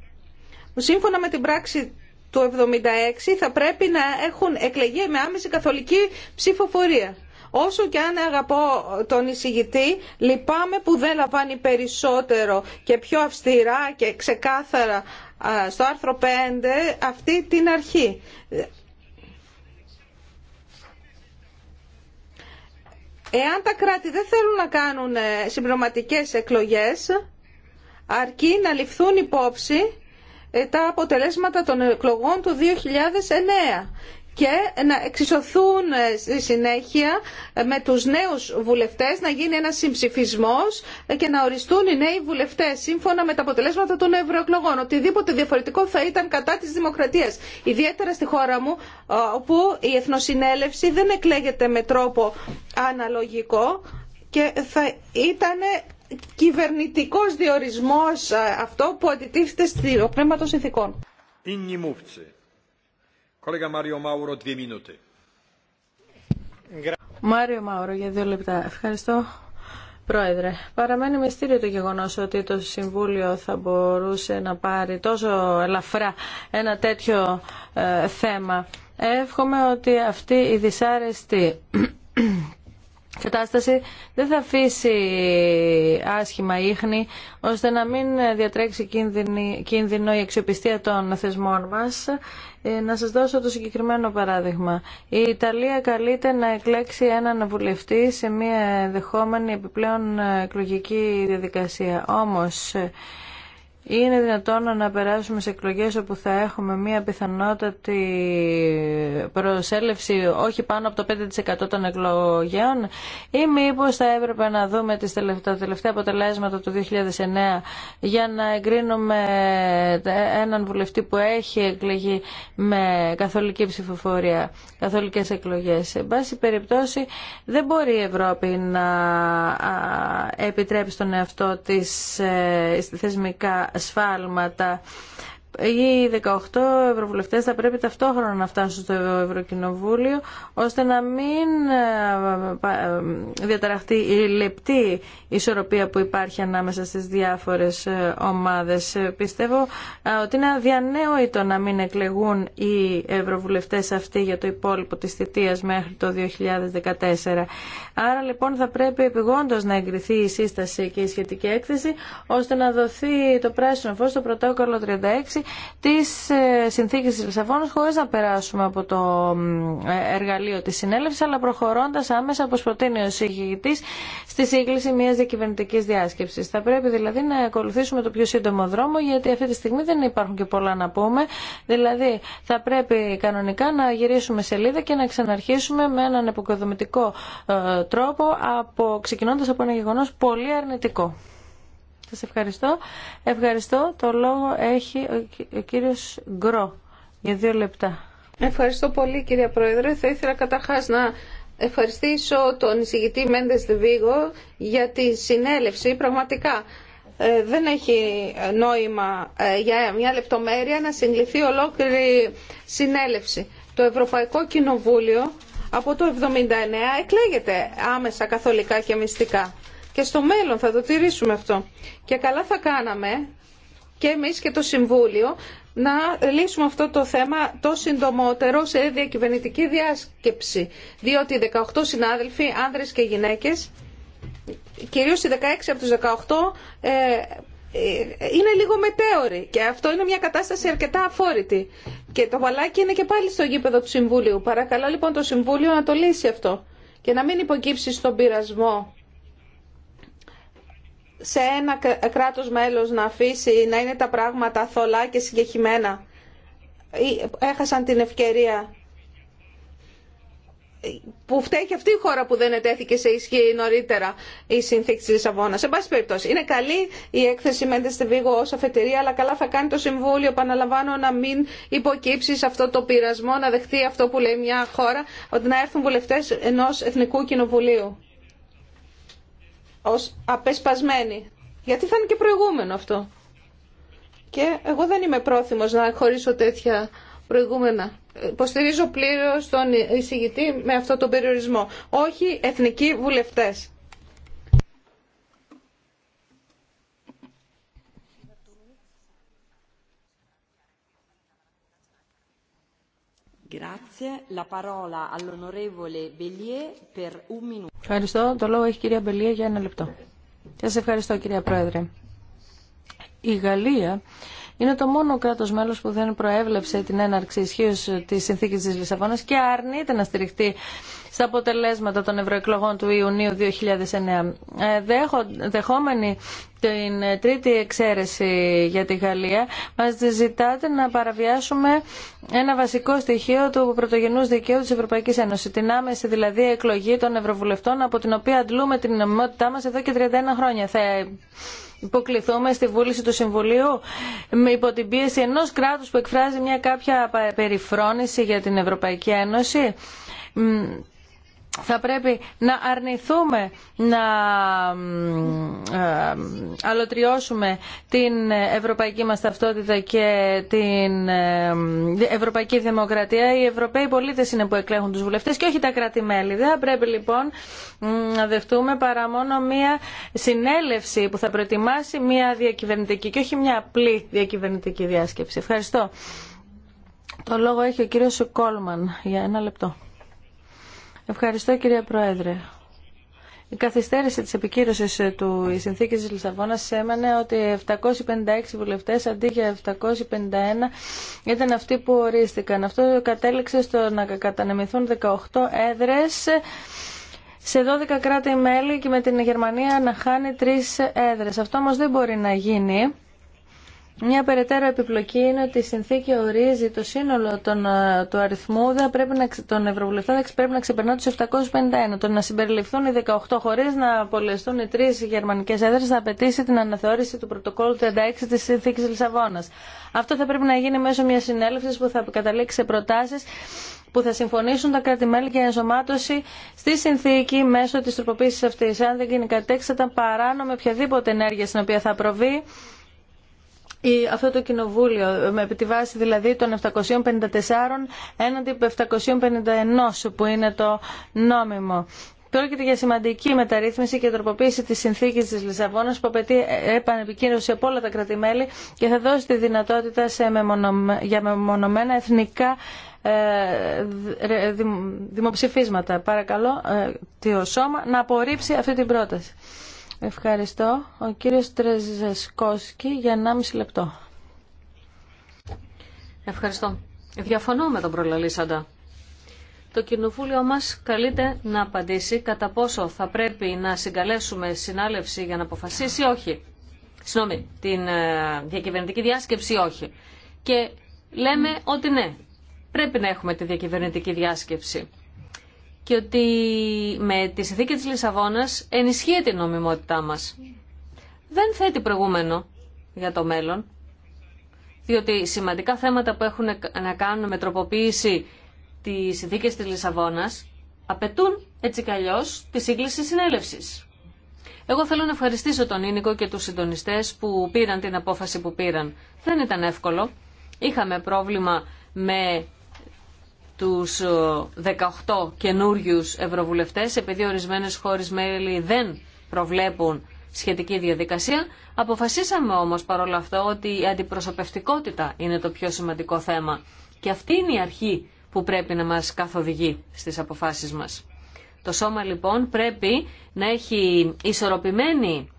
Σύμφωνα με την πράξη του 1976 θα πρέπει να έχουν εκλεγεί με άμεση καθολική ψηφοφορία. Όσο και αν αγαπώ τον εισηγητή, λυπάμαι που δεν λαμβάνει περισσότερο και πιο αυστηρά και ξεκάθαρα στο άρθρο 5 αυτή την αρχή. Εάν τα κράτη δεν θέλουν να κάνουν ε, συμπληρωματικές εκλογές, αρκεί να ληφθούν υπόψη ε, τα αποτελέσματα των εκλογών του 2009 και να εξισωθούν ε, στη συνέχεια ε, με τους νέους βουλευτές, να γίνει ένας συμψηφισμός ε, και να οριστούν οι νέοι βουλευτές σύμφωνα με τα αποτελέσματα των ευρωεκλογών. Οτιδήποτε διαφορετικό θα ήταν κατά της δημοκρατίας. Ιδιαίτερα στη χώρα μου, όπου η Εθνοσυνέλευση δεν εκλέγεται με τρόπο αναλογικό και θα ήταν κυβερνητικός διορισμός αυτό που αντιτίθεται στο πνεύμα των συνθήκων. Μάριο Μάουρο, Μάριο Μάουρο, για δύο λεπτά. Ευχαριστώ. Πρόεδρε, παραμένει μυστήριο το γεγονός ότι το Συμβούλιο θα μπορούσε να πάρει τόσο ελαφρά ένα τέτοιο ε, θέμα. Εύχομαι ότι αυτή η δυσάρεστη κατάσταση δεν θα αφήσει άσχημα ίχνη ώστε να μην διατρέξει κίνδυνο η αξιοπιστία των θεσμών μας ε, να σας δώσω το συγκεκριμένο παράδειγμα. Η Ιταλία καλείται να εκλέξει έναν βουλευτή σε μια δεχόμενη επιπλέον ε, εκλογική διαδικασία. Όμως ε, είναι δυνατόν να περάσουμε σε εκλογές όπου θα έχουμε μια πιθανότατη προσέλευση όχι πάνω από το 5% των εκλογέων ή μήπως θα έπρεπε να δούμε τις τα τελευταία αποτελέσματα του 2009 για να εγκρίνουμε έναν βουλευτή που έχει εκλεγεί με καθολική ψηφοφορία, καθολικές εκλογές. Σε πάση περιπτώσει δεν μπορεί η Ευρώπη να επιτρέψει τον εαυτό της ε, θεσμικά σφάλματα οι 18 ευρωβουλευτές θα πρέπει ταυτόχρονα να φτάσουν στο Ευρωκοινοβούλιο ώστε να μην ε, ε, διαταραχτεί η λεπτή ισορροπία που υπάρχει ανάμεσα στις διάφορες ε, ομάδες. Πιστεύω ότι είναι αδιανέοητο να μην εκλεγούν οι ευρωβουλευτές αυτοί για το υπόλοιπο της θητείας μέχρι το 2014. Άρα λοιπόν θα πρέπει επιγόντως να εγκριθεί η σύσταση και η σχετική έκθεση ώστε να δοθεί το πράσινο φως στο πρωτόκολλο 36 τη ε, συνθήκης της Λισαβόνας χωρίς να περάσουμε από το εργαλείο της συνέλευσης αλλά προχωρώντας άμεσα όπως προτείνει ο συγχυγητής στη σύγκληση μιας διακυβερνητικής διάσκεψης. Θα πρέπει δηλαδή να ακολουθήσουμε το πιο σύντομο δρόμο γιατί αυτή τη στιγμή δεν υπάρχουν και πολλά να πούμε. Δηλαδή θα πρέπει κανονικά να γυρίσουμε σελίδα και να ξαναρχίσουμε με έναν επικοδομητικό ε, τρόπο από, ξεκινώντας από ένα γεγονός πολύ αρνητικό. Σας ευχαριστώ. Ευχαριστώ. Το λόγο έχει ο κύριος Γκρό για δύο λεπτά. Ευχαριστώ πολύ κυρία Πρόεδρε. Θα ήθελα καταρχάς να ευχαριστήσω τον εισηγητή Μέντες Δεβίγο για τη συνέλευση. Πραγματικά ε, δεν έχει νόημα ε, για μια λεπτομέρεια να συγκληθεί ολόκληρη συνέλευση. Το Ευρωπαϊκό Κοινοβούλιο από το 1979 εκλέγεται άμεσα καθολικά και μυστικά και στο μέλλον θα το τηρήσουμε αυτό. Και καλά θα κάναμε και εμείς και το Συμβούλιο να λύσουμε αυτό το θέμα το συντομότερο σε διακυβερνητική διάσκεψη. Διότι 18 συνάδελφοι, άνδρες και γυναίκες, κυρίως οι 16 από τους 18, ε, ε, είναι λίγο μετέωροι και αυτό είναι μια κατάσταση αρκετά αφόρητη. Και το βαλάκι είναι και πάλι στο γήπεδο του Συμβούλιου. Παρακαλώ λοιπόν το Συμβούλιο να το λύσει αυτό και να μην υποκύψει στον πειρασμό σε ένα κράτος μέλος να αφήσει να είναι τα πράγματα θολά και συγκεχημένα. Έχασαν την ευκαιρία που φταίει και αυτή η χώρα που δεν ετέθηκε σε ισχύ νωρίτερα η συνθήκη τη Λισαβόνα. Σε πάση περιπτώσει, είναι καλή η έκθεση Μέντε στη Βίγο ω αφετηρία, αλλά καλά θα κάνει το Συμβούλιο, επαναλαμβάνω, να μην υποκύψει σε αυτό το πειρασμό, να δεχτεί αυτό που λέει μια χώρα, ότι να έρθουν βουλευτέ ενό Εθνικού Κοινοβουλίου ως απεσπασμένη. Γιατί θα είναι και προηγούμενο αυτό. Και εγώ δεν είμαι πρόθυμος να χωρίσω τέτοια προηγούμενα. Υποστηρίζω πλήρως τον εισηγητή με αυτό τον περιορισμό. Όχι εθνικοί βουλευτές. Ευχαριστώ. Το λόγο έχει η κυρία Μπελιέ για ένα λεπτό. Σα ευχαριστώ κυρία Πρόεδρε. Η Γαλλία είναι το μόνο κράτο μέλο που δεν προέβλεψε την έναρξη ισχύω τη συνθήκη τη Λισαβόνα και αρνείται να στηριχτεί στα αποτελέσματα των ευρωεκλογών του Ιουνίου 2009. Ε, Δεχόμενη την τρίτη εξαίρεση για τη Γαλλία, μας ζητάτε να παραβιάσουμε ένα βασικό στοιχείο του πρωτογενού δικαίου της Ευρωπαϊκής Ένωσης, την άμεση δηλαδή εκλογή των Ευρωβουλευτών, από την οποία αντλούμε την νομιμότητά μας εδώ και 31 χρόνια. Θα υποκληθούμε στη βούληση του Συμβουλίου με υπό την πίεση ενός κράτους που εκφράζει μια κάποια περιφρόνηση για την Ευρωπαϊκή Ένωση θα πρέπει να αρνηθούμε να ε, αλωτριώσουμε την ευρωπαϊκή μας ταυτότητα και την ε, ευρωπαϊκή δημοκρατία. Οι ευρωπαίοι πολίτες είναι που εκλέγουν τους βουλευτές και όχι τα κράτη-μέλη. Δεν θα πρέπει λοιπόν να δεχτούμε παρά μόνο μια συνέλευση που θα προετοιμάσει μια διακυβερνητική και όχι μια απλή διακυβερνητική διάσκεψη. Ευχαριστώ. Το λόγο έχει ο κύριος Κόλμαν για ένα λεπτό. Ευχαριστώ κυρία Πρόεδρε. Η καθυστέρηση της επικύρωσης ε, του η συνθήκης της Λισαβόνας έμενε ότι 756 βουλευτές αντί για 751 ήταν αυτοί που ορίστηκαν. Αυτό κατέληξε στο να κατανεμηθούν 18 έδρες σε 12 κράτη-μέλη και με την Γερμανία να χάνει τρεις έδρες. Αυτό όμως δεν μπορεί να γίνει μια περαιτέρω επιπλοκή είναι ότι η συνθήκη ορίζει το σύνολο των, ε, του αριθμού δεν πρέπει να, των ευρωβουλευτών πρέπει να ξεπερνά του 751. Το να συμπεριληφθούν οι 18 χωρί να απολεστούν οι τρει γερμανικέ έδρε θα απαιτήσει την αναθεώρηση του πρωτοκόλλου 36 τη συνθήκη Λισαβόνα. Αυτό θα πρέπει να γίνει μέσω μια συνέλευση που θα καταλήξει σε προτάσει που θα συμφωνήσουν τα κράτη-μέλη για ενσωμάτωση στη συνθήκη μέσω τη τροποποίηση αυτή. Αν δεν γίνει κατέξατα παράνομη οποιαδήποτε ενέργεια στην οποία θα προβεί αυτό το κοινοβούλιο, με τη βάση δηλαδή των 754 έναντι 751 που είναι το νόμιμο. Πρόκειται για σημαντική μεταρρύθμιση και τροποποίηση τη συνθήκη τη Λισαβόνα που απαιτεί ε, επανεπικύρωση από όλα τα κρατημέλη και θα δώσει τη δυνατότητα σε μεμονωμένα, για μεμονωμένα εθνικά ε, ε, δημοψηφίσματα. Παρακαλώ ε, το σώμα να απορρίψει αυτή την πρόταση. Ευχαριστώ. Ο κύριος Τρεζεσκόσκη για 1,5 λεπτό. Ευχαριστώ. Διαφωνώ με τον προλαλήσαντα. Το κοινοβούλιο μας καλείται να απαντήσει κατά πόσο θα πρέπει να συγκαλέσουμε συνάλευση για να αποφασίσει όχι. Συγγνώμη, την ε, διακυβερνητική διάσκεψη όχι. Και λέμε ότι ναι, πρέπει να έχουμε τη διακυβερνητική διάσκεψη και ότι με τη συνθήκη της Λισαβόνας ενισχύεται η νομιμότητά μας. Δεν θέτει προηγούμενο για το μέλλον, διότι σημαντικά θέματα που έχουν να κάνουν με τροποποίηση της συνθήκη της Λισαβόνας απαιτούν έτσι κι αλλιώς τη σύγκληση συνέλευσης. Εγώ θέλω να ευχαριστήσω τον Ίνικο και τους συντονιστές που πήραν την απόφαση που πήραν. Δεν ήταν εύκολο. Είχαμε πρόβλημα με τους 18 ε, καινούριου ευρωβουλευτές, επειδή ορισμένες χώρες μέλη δεν προβλέπουν σχετική διαδικασία. Αποφασίσαμε όμως παρόλα αυτό ότι η αντιπροσωπευτικότητα είναι το πιο σημαντικό θέμα και αυτή είναι η αρχή που πρέπει να μας καθοδηγεί στις αποφάσεις μας. Το σώμα λοιπόν πρέπει να έχει ισορροπημένη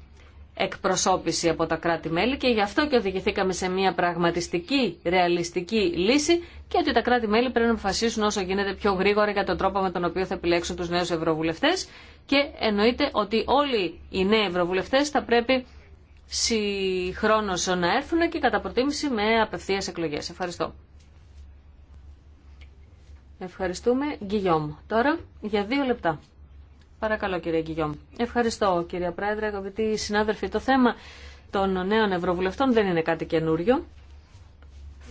εκπροσώπηση από τα κράτη-μέλη και γι' αυτό και οδηγηθήκαμε σε μια πραγματιστική, ρεαλιστική λύση και ότι τα κράτη-μέλη πρέπει να αποφασίσουν όσο γίνεται πιο γρήγορα για τον τρόπο με τον οποίο θα επιλέξουν τους νέους ευρωβουλευτές και εννοείται ότι όλοι οι νέοι ευρωβουλευτές θα πρέπει συγχρόνως να έρθουν και κατά προτίμηση με απευθείας εκλογές. Ευχαριστώ. Ευχαριστούμε. Γκυγιόμ. Τώρα για δύο λεπτά. Παρακαλώ κύριε Γκυγιόμ. Ευχαριστώ κύριε Πρόεδρε, αγαπητοί συνάδελφοι. Το θέμα των νέων ευρωβουλευτών δεν είναι κάτι καινούριο.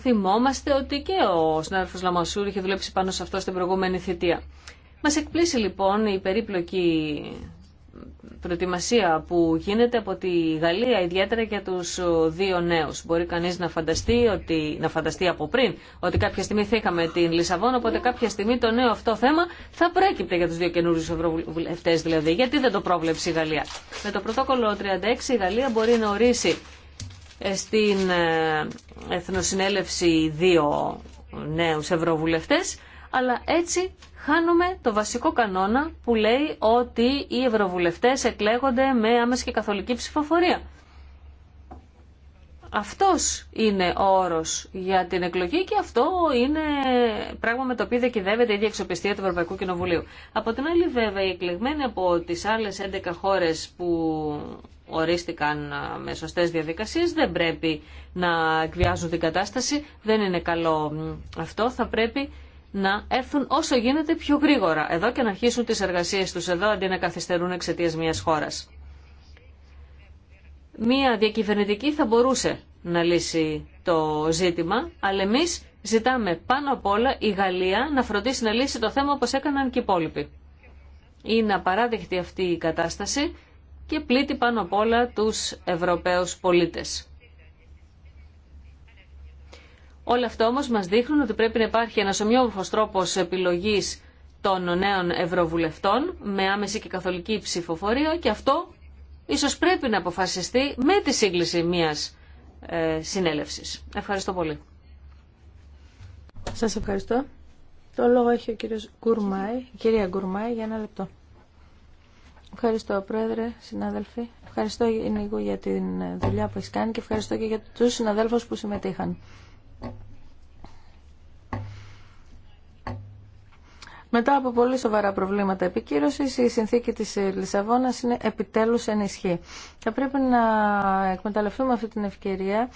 Θυμόμαστε ότι και ο συνάδελφος Λαμασούρ είχε δουλέψει πάνω σε αυτό στην προηγούμενη θητεία. Μας εκπλήσει λοιπόν η περίπλοκη προετοιμασία που γίνεται από τη Γαλλία, ιδιαίτερα για τους δύο νέους. Μπορεί κανείς να φανταστεί, ότι, να φανταστεί από πριν ότι κάποια στιγμή θα είχαμε την Λισαβόνα, οπότε κάποια στιγμή το νέο αυτό θέμα θα πρέκυπτε για τους δύο καινούριου ευρωβουλευτές δηλαδή. Γιατί δεν το πρόβλεψε η Γαλλία. Με το πρωτόκολλο 36 η Γαλλία μπορεί να ορίσει ε, στην ε, Εθνοσυνέλευση δύο νέους ευρωβουλευτές αλλά έτσι χάνουμε το βασικό κανόνα που λέει ότι οι ευρωβουλευτές εκλέγονται με άμεση και καθολική ψηφοφορία. Αυτός είναι ο όρος για την εκλογή και αυτό είναι πράγμα με το οποίο διακυδεύεται η Διεξοπιστία του Ευρωπαϊκού Κοινοβουλίου. Από την άλλη βέβαια οι εκλεγμένοι από τις άλλες 11 χώρες που ορίστηκαν με σωστές διαδικασίες δεν πρέπει να εκβιάζουν την κατάσταση, δεν είναι καλό αυτό, θα πρέπει να έρθουν όσο γίνεται πιο γρήγορα εδώ και να αρχίσουν τις εργασίες τους εδώ αντί να καθυστερούν εξαιτία μιας χώρας. Μία διακυβερνητική θα μπορούσε να λύσει το ζήτημα, αλλά εμείς ζητάμε πάνω απ' όλα η Γαλλία να φροντίσει να λύσει το θέμα όπως έκαναν και οι υπόλοιποι. Είναι απαράδεκτη αυτή η κατάσταση και πλήττει πάνω απ' όλα τους Ευρωπαίους πολίτες. Όλα αυτά όμω μα δείχνουν ότι πρέπει να υπάρχει ένα ομοιόμορφο τρόπο επιλογή των νέων ευρωβουλευτών με άμεση και καθολική ψηφοφορία και αυτό ίσως πρέπει να αποφασιστεί με τη σύγκληση μιας ε, συνέλευσης. Ευχαριστώ πολύ. Σας ευχαριστώ. Το λόγο έχει ο κύριος Γκουρμάη, η κυρία Γκουρμάη για ένα λεπτό. Ευχαριστώ Πρόεδρε, συνάδελφοι. Ευχαριστώ για την δουλειά που έχει κάνει και ευχαριστώ και για τους συναδέλφους που συμμετείχαν. Μετά από πολύ σοβαρά προβλήματα επικύρωσης, η συνθήκη της Λισαβόνας είναι επιτέλους ενισχύ. Θα πρέπει να εκμεταλλευτούμε αυτή την ευκαιρία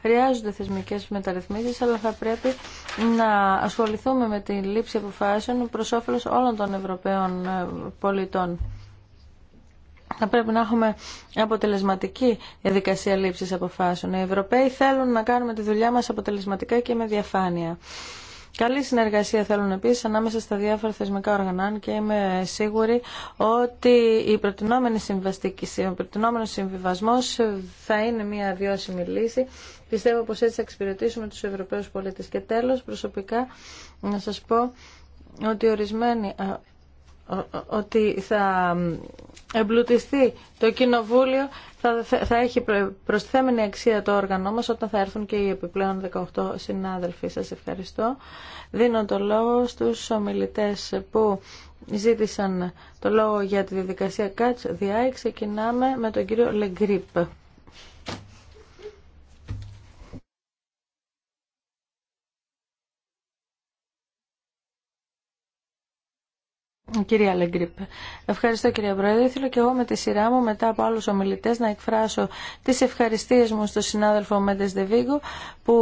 Χρειάζονται θεσμικέ μεταρρυθμίσει, αλλά θα πρέπει να ασχοληθούμε με τη λήψη αποφάσεων προ όφελο όλων των Ευρωπαίων ε, πολιτών θα πρέπει να έχουμε αποτελεσματική διαδικασία λήψη αποφάσεων. Οι Ευρωπαίοι θέλουν να κάνουμε τη δουλειά μα αποτελεσματικά και με διαφάνεια. Καλή συνεργασία θέλουν επίση ανάμεσα στα διάφορα θεσμικά οργανά και είμαι σίγουρη ότι η προτινόμενη συμβαστική, ο προτινόμενο συμβιβασμό θα είναι μια βιώσιμη λύση. Πιστεύω πω έτσι θα εξυπηρετήσουμε του Ευρωπαίου πολίτες. Και τέλο. προσωπικά να σα πω ότι ορισμένοι ότι θα εμπλουτιστεί το κοινοβούλιο, θα, θα έχει προσθέμενη αξία το όργανο μας όταν θα έρθουν και οι επιπλέον 18 συνάδελφοι. Σας ευχαριστώ. Δίνω το λόγο στους ομιλητές που ζήτησαν το λόγο για τη διαδικασία Catch the Eye. Ξεκινάμε με τον κύριο Λεγκρίπ. Κυρία Αλεγκρίπ, ευχαριστώ κυρία Πρόεδρε. Θέλω και εγώ με τη σειρά μου μετά από άλλους ομιλητές να εκφράσω τις ευχαριστίες μου στον συνάδελφο Μέντες Δεβίγκο που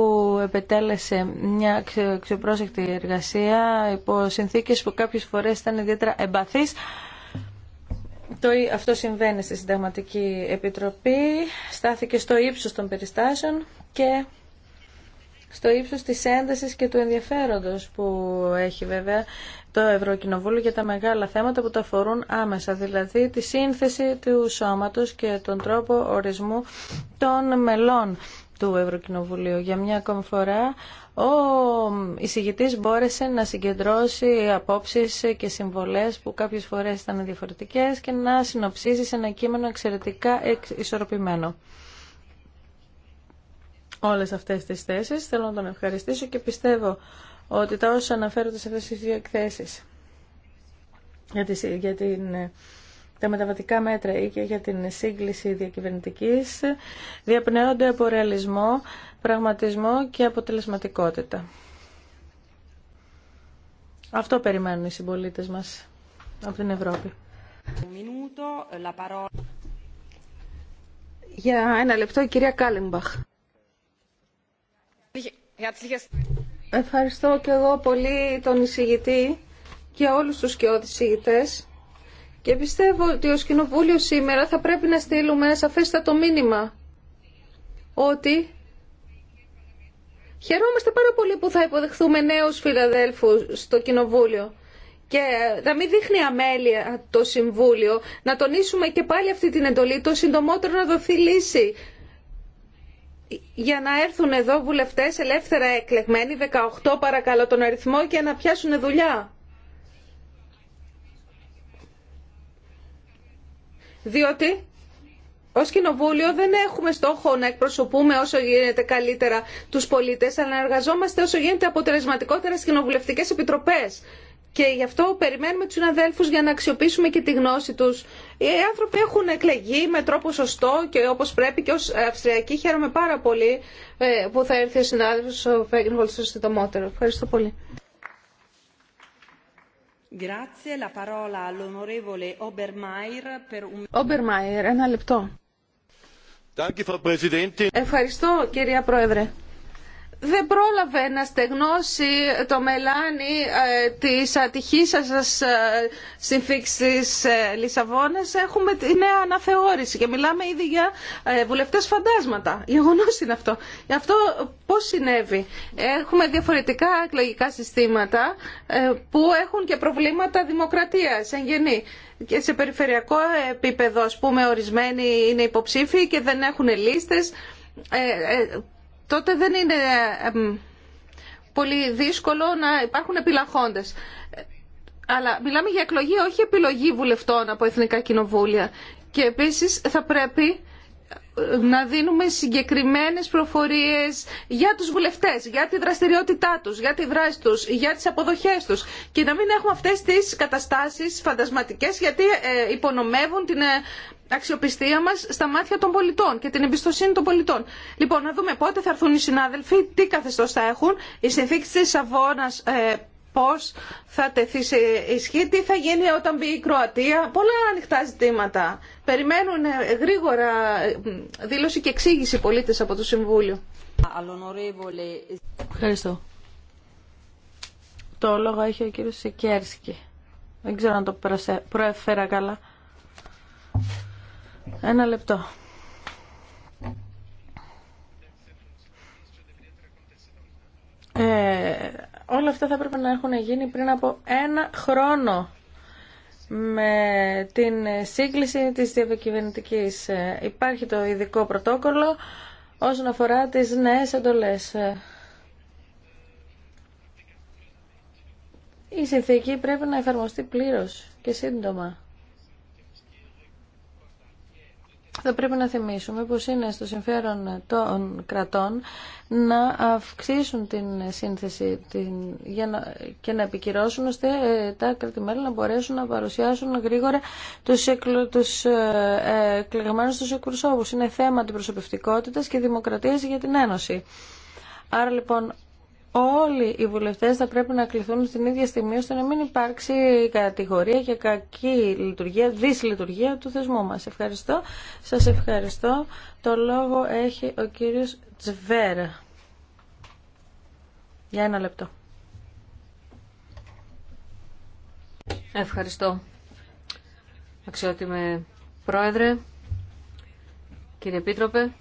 επετέλεσε μια αξιοπρόσεκτη εργασία υπό συνθήκες που κάποιες φορές ήταν ιδιαίτερα εμπαθείς. Το, αυτό συμβαίνει στη Συνταγματική Επιτροπή, στάθηκε στο ύψος των περιστάσεων και στο ύψος της έντασης και του ενδιαφέροντος που έχει βέβαια το Ευρωκοινοβούλιο για τα μεγάλα θέματα που τα αφορούν άμεσα, δηλαδή τη σύνθεση του σώματος και τον τρόπο ορισμού των μελών του Ευρωκοινοβουλίου. Για μια ακόμη φορά ο εισηγητής μπόρεσε να συγκεντρώσει απόψεις και συμβολές που κάποιες φορές ήταν διαφορετικές και να συνοψίσει σε ένα κείμενο εξαιρετικά ισορροπημένο όλες αυτές τις θέσεις. Θέλω να τον ευχαριστήσω και πιστεύω ότι τα όσα αναφέρονται σε αυτές τις δύο εκθέσεις για, την, τα μεταβατικά μέτρα ή και για την σύγκληση διακυβερνητικής διαπνέονται από ρεαλισμό, πραγματισμό και αποτελεσματικότητα. Αυτό περιμένουν οι συμπολίτες μας από την Ευρώπη. Για ένα λεπτό η κυρία Κάλεμπαχ. Ευχαριστώ και εγώ πολύ τον εισηγητή και όλους τους και εισηγητές και πιστεύω ότι ως Κοινοβούλιο σήμερα θα πρέπει να στείλουμε ένα σαφέστατο μήνυμα ότι χαιρόμαστε πάρα πολύ που θα υποδεχθούμε νέους Φιλαδέλφους στο Κοινοβούλιο και να μην δείχνει αμέλεια το Συμβούλιο, να τονίσουμε και πάλι αυτή την εντολή, το συντομότερο να δοθεί λύση για να έρθουν εδώ βουλευτές ελεύθερα εκλεγμένοι, 18 παρακαλώ τον αριθμό, και να πιάσουν δουλειά. Διότι ως κοινοβούλιο δεν έχουμε στόχο να εκπροσωπούμε όσο γίνεται καλύτερα τους πολίτες, αλλά να εργαζόμαστε όσο γίνεται αποτελεσματικότερα στις κοινοβουλευτικές επιτροπές. Και γι' αυτό περιμένουμε του συναδέλφου για να αξιοποιήσουμε και τη γνώση του. Οι άνθρωποι έχουν εκλεγεί με τρόπο σωστό και όπω πρέπει και ω Αυστριακοί Χαίρομαι πάρα πολύ ε, που θα έρθει ο συνάδελφο ο στο συντομότερο. Ευχαριστώ πολύ. Ευχαριστώ κυρία Πρόεδρε δεν πρόλαβε να στεγνώσει το μελάνι ε, της ατυχής σας ε, συνθήκης της ε, Έχουμε τη νέα αναθεώρηση και μιλάμε ήδη για βουλευτές φαντάσματα. Γεγονός είναι αυτό. Γι' αυτό πώς συνέβη. Έχουμε διαφορετικά εκλογικά συστήματα που έχουν και προβλήματα δημοκρατίας εν γενή. Και σε περιφερειακό επίπεδο, ας πούμε, ορισμένοι είναι υποψήφοι και δεν έχουν λίστες τότε δεν είναι πολύ δύσκολο να υπάρχουν επιλαχόντες. Αλλά μιλάμε για εκλογή, όχι επιλογή βουλευτών από εθνικά κοινοβούλια. Και επίσης θα πρέπει να δίνουμε συγκεκριμένες προφορίες για τους βουλευτές, για τη δραστηριότητά τους, για τη δράση τους, για τις αποδοχές τους και να μην έχουμε αυτές τις καταστάσεις φαντασματικές γιατί ε, υπονομεύουν την ε, αξιοπιστία μας στα μάτια των πολιτών και την εμπιστοσύνη των πολιτών. Λοιπόν, να δούμε πότε θα έρθουν οι συνάδελφοι, τι καθεστώ θα έχουν, η συνθήκη τη Σαββόνα, ε, πώς θα τεθεί σε ισχύ, τι θα γίνει όταν μπει η Κροατία. Πολλά ανοιχτά ζητήματα. Περιμένουν ε, γρήγορα ε, δήλωση και εξήγηση οι πολίτες από το Συμβούλιο. Ευχαριστώ. Το λόγο έχει ο κύριος Σικέρσκι. Δεν ξέρω αν το προέφερα καλά. Ένα λεπτό. Ε, όλα αυτά θα έπρεπε να έχουν γίνει πριν από ένα χρόνο με την σύγκληση της διακυβερνητικής. Ε, υπάρχει το ειδικό πρωτόκολλο όσον αφορά τις νέες εντολές. Ε, η συνθήκη πρέπει να εφαρμοστεί πλήρως και σύντομα. θα πρέπει να θυμίσουμε πως είναι στο συμφέρον των κρατών να αυξήσουν την σύνθεση την, για να, και να επικυρώσουν ώστε ε, τα κρατημέλη να μπορέσουν να παρουσιάσουν γρήγορα τους, εκλο, τους ε, ε, εκλεγμένους τους εκπροσώπους. Είναι θέμα αντιπροσωπευτικότητας και δημοκρατίας για την Ένωση. Άρα λοιπόν όλοι οι βουλευτές θα πρέπει να κληθούν στην ίδια στιγμή ώστε να μην υπάρξει κατηγορία για κακή λειτουργία, δυσλειτουργία του θεσμού μας. Ευχαριστώ. Σας ευχαριστώ. Το λόγο έχει ο κύριος Τσβέρα. Για ένα λεπτό. Ευχαριστώ. Αξιότιμε Πρόεδρε, κύριε Επίτροπε,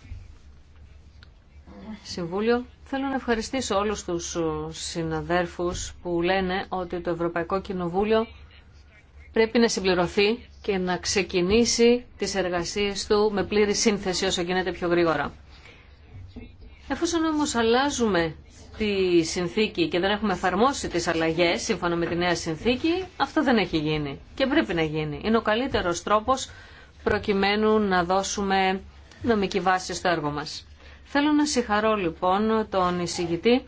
Συμβούλιο, Θέλω να ευχαριστήσω όλους τους ε, συναδέρφους που λένε ότι το Ευρωπαϊκό Κοινοβούλιο πρέπει να συμπληρωθεί και να ξεκινήσει τις εργασίες του με πλήρη σύνθεση όσο γίνεται πιο γρήγορα. Εφόσον όμως αλλάζουμε τη συνθήκη και δεν έχουμε εφαρμόσει τις αλλαγές σύμφωνα με τη νέα συνθήκη, αυτό δεν έχει γίνει και πρέπει να γίνει. Είναι ο καλύτερος τρόπος προκειμένου να δώσουμε νομική βάση στο έργο μας. Θέλω να συγχαρώ λοιπόν τον εισηγητή,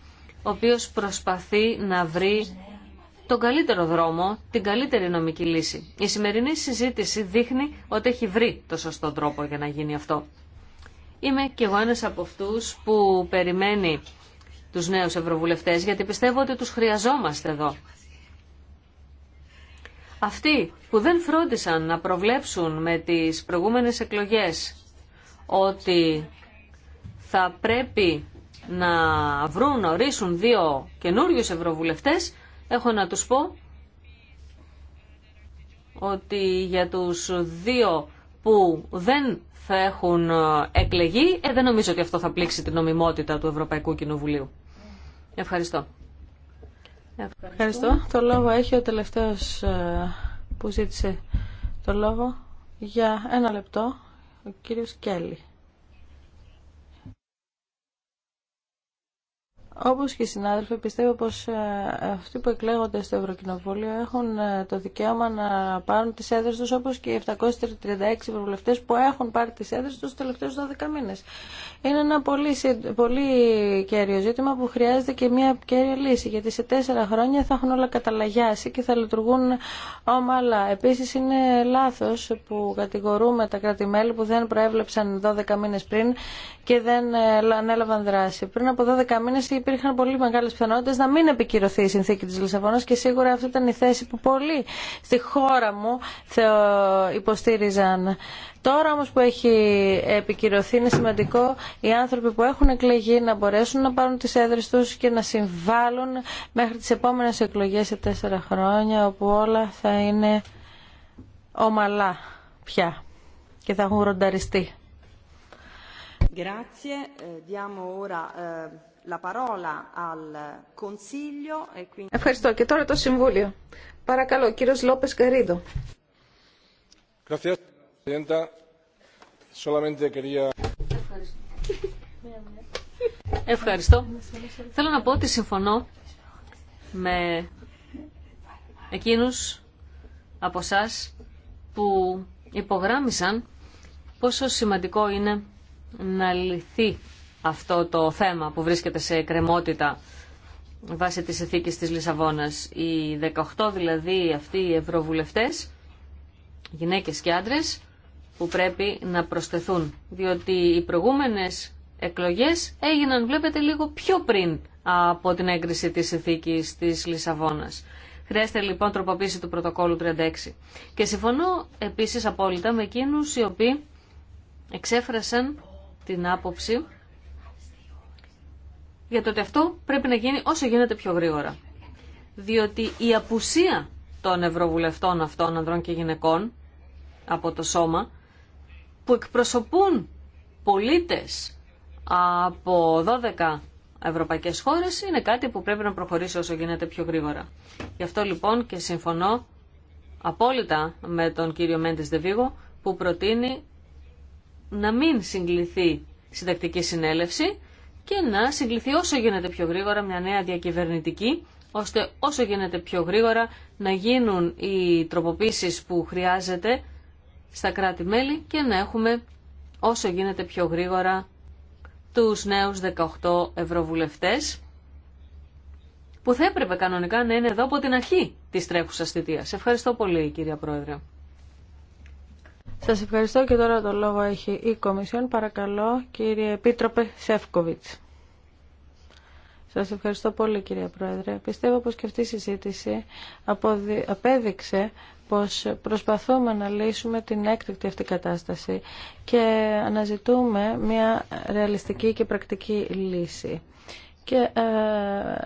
ο οποίος προσπαθεί να βρει τον καλύτερο δρόμο, την καλύτερη νομική λύση. Η σημερινή συζήτηση δείχνει ότι έχει βρει το σωστό τρόπο για να γίνει αυτό. Είμαι κι εγώ ένας από αυτούς που περιμένει τους νέους ευρωβουλευτές, γιατί πιστεύω ότι τους χρειαζόμαστε εδώ. Αυτοί που δεν φρόντισαν να προβλέψουν με τις προηγούμενες εκλογές ότι θα πρέπει να βρουν, να ορίσουν δύο καινούριους ευρωβουλευτές, έχω να τους πω ότι για τους δύο που δεν θα έχουν ε, εκλεγεί, ε, δεν νομίζω ότι αυτό θα πλήξει την νομιμότητα του Ευρωπαϊκού Κοινοβουλίου. Ευχαριστώ. Ευχαριστώ. Το λόγο έχει ο τελευταίος ε, που ζήτησε το λόγο για ένα λεπτό, ο κύριος Κέλλη. Όπως και οι συνάδελφοι, πιστεύω πως ε, αυτοί που εκλέγονται στο Ευρωκοινοβούλιο έχουν ε, το δικαίωμα να πάρουν τις έδρες τους, όπως και οι 736 ευρωβουλευτές που έχουν πάρει τις έδρες τους τελευταίους 12 μήνες. Είναι ένα πολύ, πολύ κέριο ζήτημα που χρειάζεται και μια κέρια λύση, γιατί σε τέσσερα χρόνια θα έχουν όλα καταλαγιάσει και θα λειτουργούν όμαλα. Επίσης είναι λάθος που κατηγορούμε τα κρατη που δεν προέβλεψαν 12 μήνες πριν και δεν ε, ανέλαβαν δράση. Πριν από 12 μήνες υπήρχαν πολύ μεγάλε πιθανότητε να μην επικυρωθεί η συνθήκη τη Λισαβόνα και σίγουρα αυτή ήταν η θέση που πολλοί στη χώρα μου υποστήριζαν. Τώρα όμω που έχει επικυρωθεί είναι σημαντικό οι άνθρωποι που έχουν εκλεγεί να μπορέσουν να πάρουν τι έδρε του και να συμβάλλουν μέχρι τι επόμενε εκλογέ, σε τέσσερα χρόνια όπου όλα θα είναι ομαλά πια και θα έχουν ρονταριστεί. Grazie. Ε, diamo ora ε, E Ευχαριστώ. Και τώρα το Συμβούλιο. Παρακαλώ, κύριος Λόπες Καρίδο. Ευχαριστώ. Θέλω να πω ότι συμφωνώ με εκείνους από εσά που υπογράμμισαν πόσο σημαντικό είναι να λυθεί αυτό το θέμα που βρίσκεται σε κρεμότητα βάσει της ηθίκης της Λισαβόνας. Οι 18 δηλαδή αυτοί οι ευρωβουλευτές, γυναίκες και άντρες, που πρέπει να προσθεθούν. Διότι οι προηγούμενες εκλογές έγιναν, βλέπετε, λίγο πιο πριν από την έγκριση της ηθίκης της Λισαβόνας. Χρειάζεται λοιπόν τροποποίηση του πρωτοκόλου 36. Και συμφωνώ επίσης απόλυτα με εκείνους οι οποίοι εξέφρασαν την άποψη για το ότι αυτό πρέπει να γίνει όσο γίνεται πιο γρήγορα. Διότι η απουσία των ευρωβουλευτών αυτών, ανδρών και γυναικών, από το σώμα, που εκπροσωπούν πολίτες από 12 ευρωπαϊκές χώρες, είναι κάτι που πρέπει να προχωρήσει όσο γίνεται πιο γρήγορα. Γι' αυτό λοιπόν και συμφωνώ απόλυτα με τον κύριο Μέντες Δεβίγο, που προτείνει να μην συγκληθεί συντακτική συνέλευση, και να συγκληθεί όσο γίνεται πιο γρήγορα μια νέα διακυβερνητική, ώστε όσο γίνεται πιο γρήγορα να γίνουν οι τροποποίησεις που χρειάζεται στα κράτη-μέλη και να έχουμε όσο γίνεται πιο γρήγορα τους νέους 18 ευρωβουλευτές που θα έπρεπε κανονικά να είναι εδώ από την αρχή της τρέχουσας θητείας. Ευχαριστώ πολύ κυρία Πρόεδρε. Σας ευχαριστώ και τώρα το λόγο έχει η Κομισιόν. Παρακαλώ κύριε Επίτροπε Σεύκοβιτς. Σας ευχαριστώ πολύ κύριε Πρόεδρε. Πιστεύω πως και αυτή η συζήτηση απέδειξε πως προσπαθούμε να λύσουμε την έκτακτη αυτή κατάσταση και αναζητούμε μια ρεαλιστική και πρακτική λύση και, ε,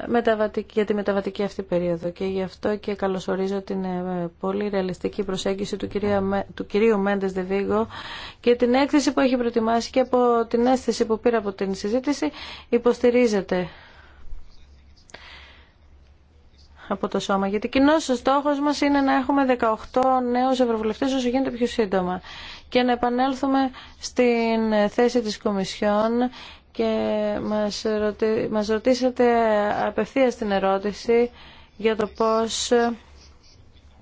μεταβατική, για τη μεταβατική αυτή περίοδο και γι' αυτό και καλωσορίζω την ε, πολύ ρεαλιστική προσέγγιση του, κυρία, του κυρίου Μέντες Δεβίγκο και την έκθεση που έχει προετοιμάσει και από την αίσθηση που πήρα από την συζήτηση υποστηρίζεται από το σώμα. Γιατί κοινό ο στόχο μα είναι να έχουμε 18 νέου ευρωβουλευτέ όσο γίνεται πιο σύντομα. Και να επανέλθουμε στην θέση της Κομισιόν και μας, ρωτη... μας ρωτήσατε απευθείας την ερώτηση για το πώς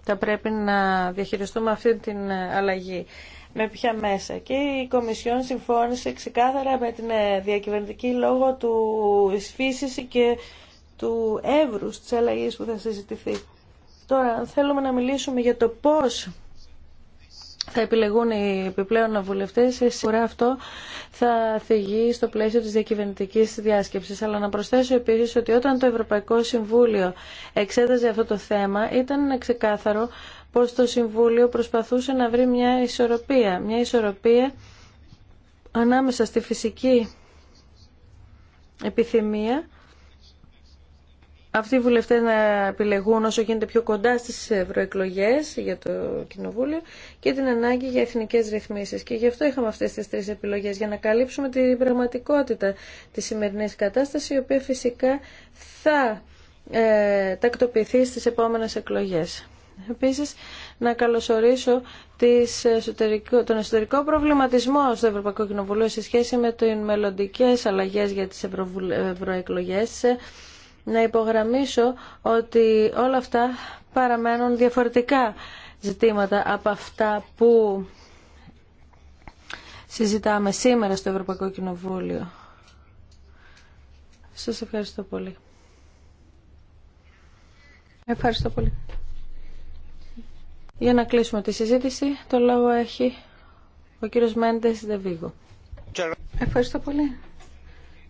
θα πρέπει να διαχειριστούμε αυτή την αλλαγή. Με ποια μέσα. Και η Κομισιόν συμφώνησε ξεκάθαρα με την ε, διακυβερνητική λόγω του φύση και του εύρου της αλλαγής που θα συζητηθεί. Τώρα, θέλουμε να μιλήσουμε για το πώς θα επιλεγούν οι επιπλέον βουλευτέ. Ε, σίγουρα αυτό θα θυγεί στο πλαίσιο τη διακυβερνητική διάσκεψη. Αλλά να προσθέσω επίση ότι όταν το Ευρωπαϊκό Συμβούλιο εξέταζε αυτό το θέμα, ήταν ξεκάθαρο πως το Συμβούλιο προσπαθούσε να βρει μια ισορροπία. Μια ισορροπία ανάμεσα στη φυσική επιθυμία αυτοί οι βουλευτές να επιλεγούν όσο γίνεται πιο κοντά στις ευρωεκλογέ για το Κοινοβούλιο και την ανάγκη για εθνικές ρυθμίσεις. Και γι' αυτό είχαμε αυτές τις τρεις επιλογές, για να καλύψουμε την πραγματικότητα της σημερινής κατάστασης, η οποία φυσικά θα ε, τακτοποιηθεί στις επόμενες εκλογές. Επίσης, να καλωσορίσω τις εσωτερικό, τον εσωτερικό προβληματισμό στο Ευρωπαϊκό Κοινοβουλίο σε σχέση με τις μελλοντικέ αλλαγές για τις ευρωεκλογές να υπογραμμίσω ότι όλα αυτά παραμένουν διαφορετικά ζητήματα από αυτά που συζητάμε σήμερα στο Ευρωπαϊκό Κοινοβούλιο. Σας ευχαριστώ πολύ. Ευχαριστώ πολύ. Για να κλείσουμε τη συζήτηση, το λόγο έχει ο κύριος Μέντες Δεβίγο. Ευχαριστώ πολύ.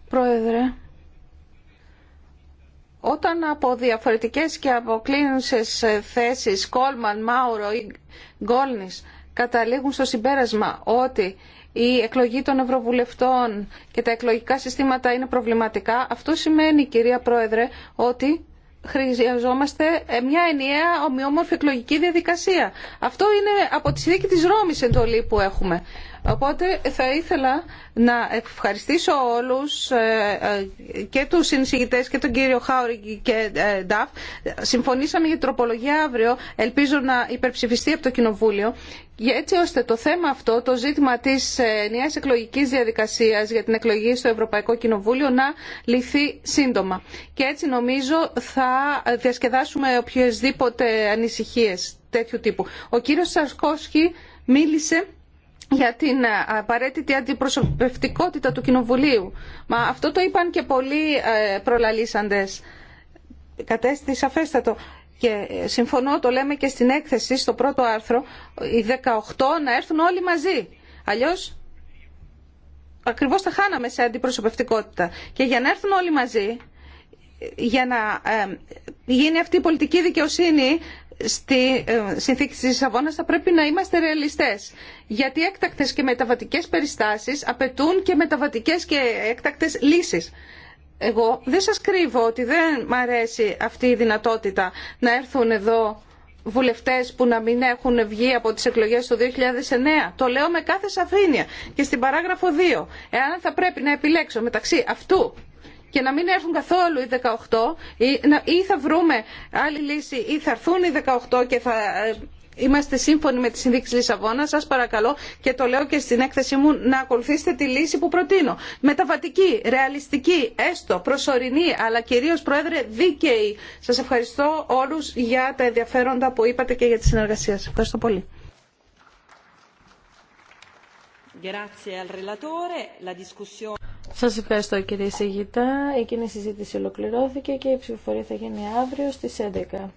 Πρόεδρε, όταν από διαφορετικές και αποκλίνουσες θέσεις Κόλμαν, Μάουρο ή Γκόλνης καταλήγουν στο συμπέρασμα ότι η εκλογή των Ευρωβουλευτών και τα εκλογικά συστήματα είναι προβληματικά, αυτό σημαίνει, κυρία Πρόεδρε, ότι χρειαζόμαστε ε, μια ενιαία ομοιόμορφη εκλογική διαδικασία. Αυτό είναι από τη συνθήκη της Ρώμης εντολή που έχουμε. Οπότε θα ήθελα να ευχαριστήσω όλους ε, ε, και τους συνεισηγητές και τον κύριο Χάουρη και ε, Νταφ. Συμφωνήσαμε για τροπολογία αύριο, ελπίζω να υπερψηφιστεί από το Κοινοβούλιο έτσι ώστε το θέμα αυτό, το ζήτημα της νέας εκλογικής διαδικασίας για την εκλογή στο Ευρωπαϊκό Κοινοβούλιο να λυθεί σύντομα. Και έτσι νομίζω θα διασκεδάσουμε οποιασδήποτε ανησυχίες τέτοιου τύπου. Ο κύριος Σαρκόσκι μίλησε για την ε, απαραίτητη αντιπροσωπευτικότητα του Κοινοβουλίου. Μα αυτό το είπαν και πολλοί ε, προλαλήσαντες. Κατέστη σαφέστατο. Και ε, συμφωνώ, το λέμε και στην έκθεση, στο πρώτο άρθρο, οι 18 να έρθουν όλοι μαζί. Αλλιώς ακριβώς τα χάναμε σε αντιπροσωπευτικότητα. Και για να έρθουν όλοι μαζί, για να γίνει αυτή η πολιτική δικαιοσύνη στη ε, συνθήκη της Λισαβόνας θα πρέπει να είμαστε ρεαλιστές. Γιατί έκτακτες και μεταβατικές περιστάσεις απαιτούν και μεταβατικές και έκτακτες λύσεις. Εγώ δεν σας κρύβω ότι δεν μ' αρέσει αυτή η δυνατότητα να έρθουν εδώ βουλευτές που να μην έχουν βγει από τις εκλογές του 2009. Το λέω με κάθε σαφήνεια. Και στην παράγραφο 2. Εάν θα πρέπει να επιλέξω μεταξύ αυτού και να μην έρθουν καθόλου οι 18 ή θα βρούμε άλλη λύση ή θα έρθουν οι 18 και θα ε, είμαστε σύμφωνοι με τη συνδίκη Λισαβόνα. Σα παρακαλώ και το λέω και στην έκθεσή μου να ακολουθήσετε τη λύση που προτείνω. Μεταβατική, ρεαλιστική, έστω προσωρινή, αλλά κυρίω Πρόεδρε δίκαιη. Σα ευχαριστώ όλου για τα ενδιαφέροντα που είπατε και για τη συνεργασία σα. Ευχαριστώ πολύ. Σας ευχαριστώ κύριε Σιγητά. Εκείνη η συζήτηση ολοκληρώθηκε και η ψηφοφορία θα γίνει αύριο στις 11.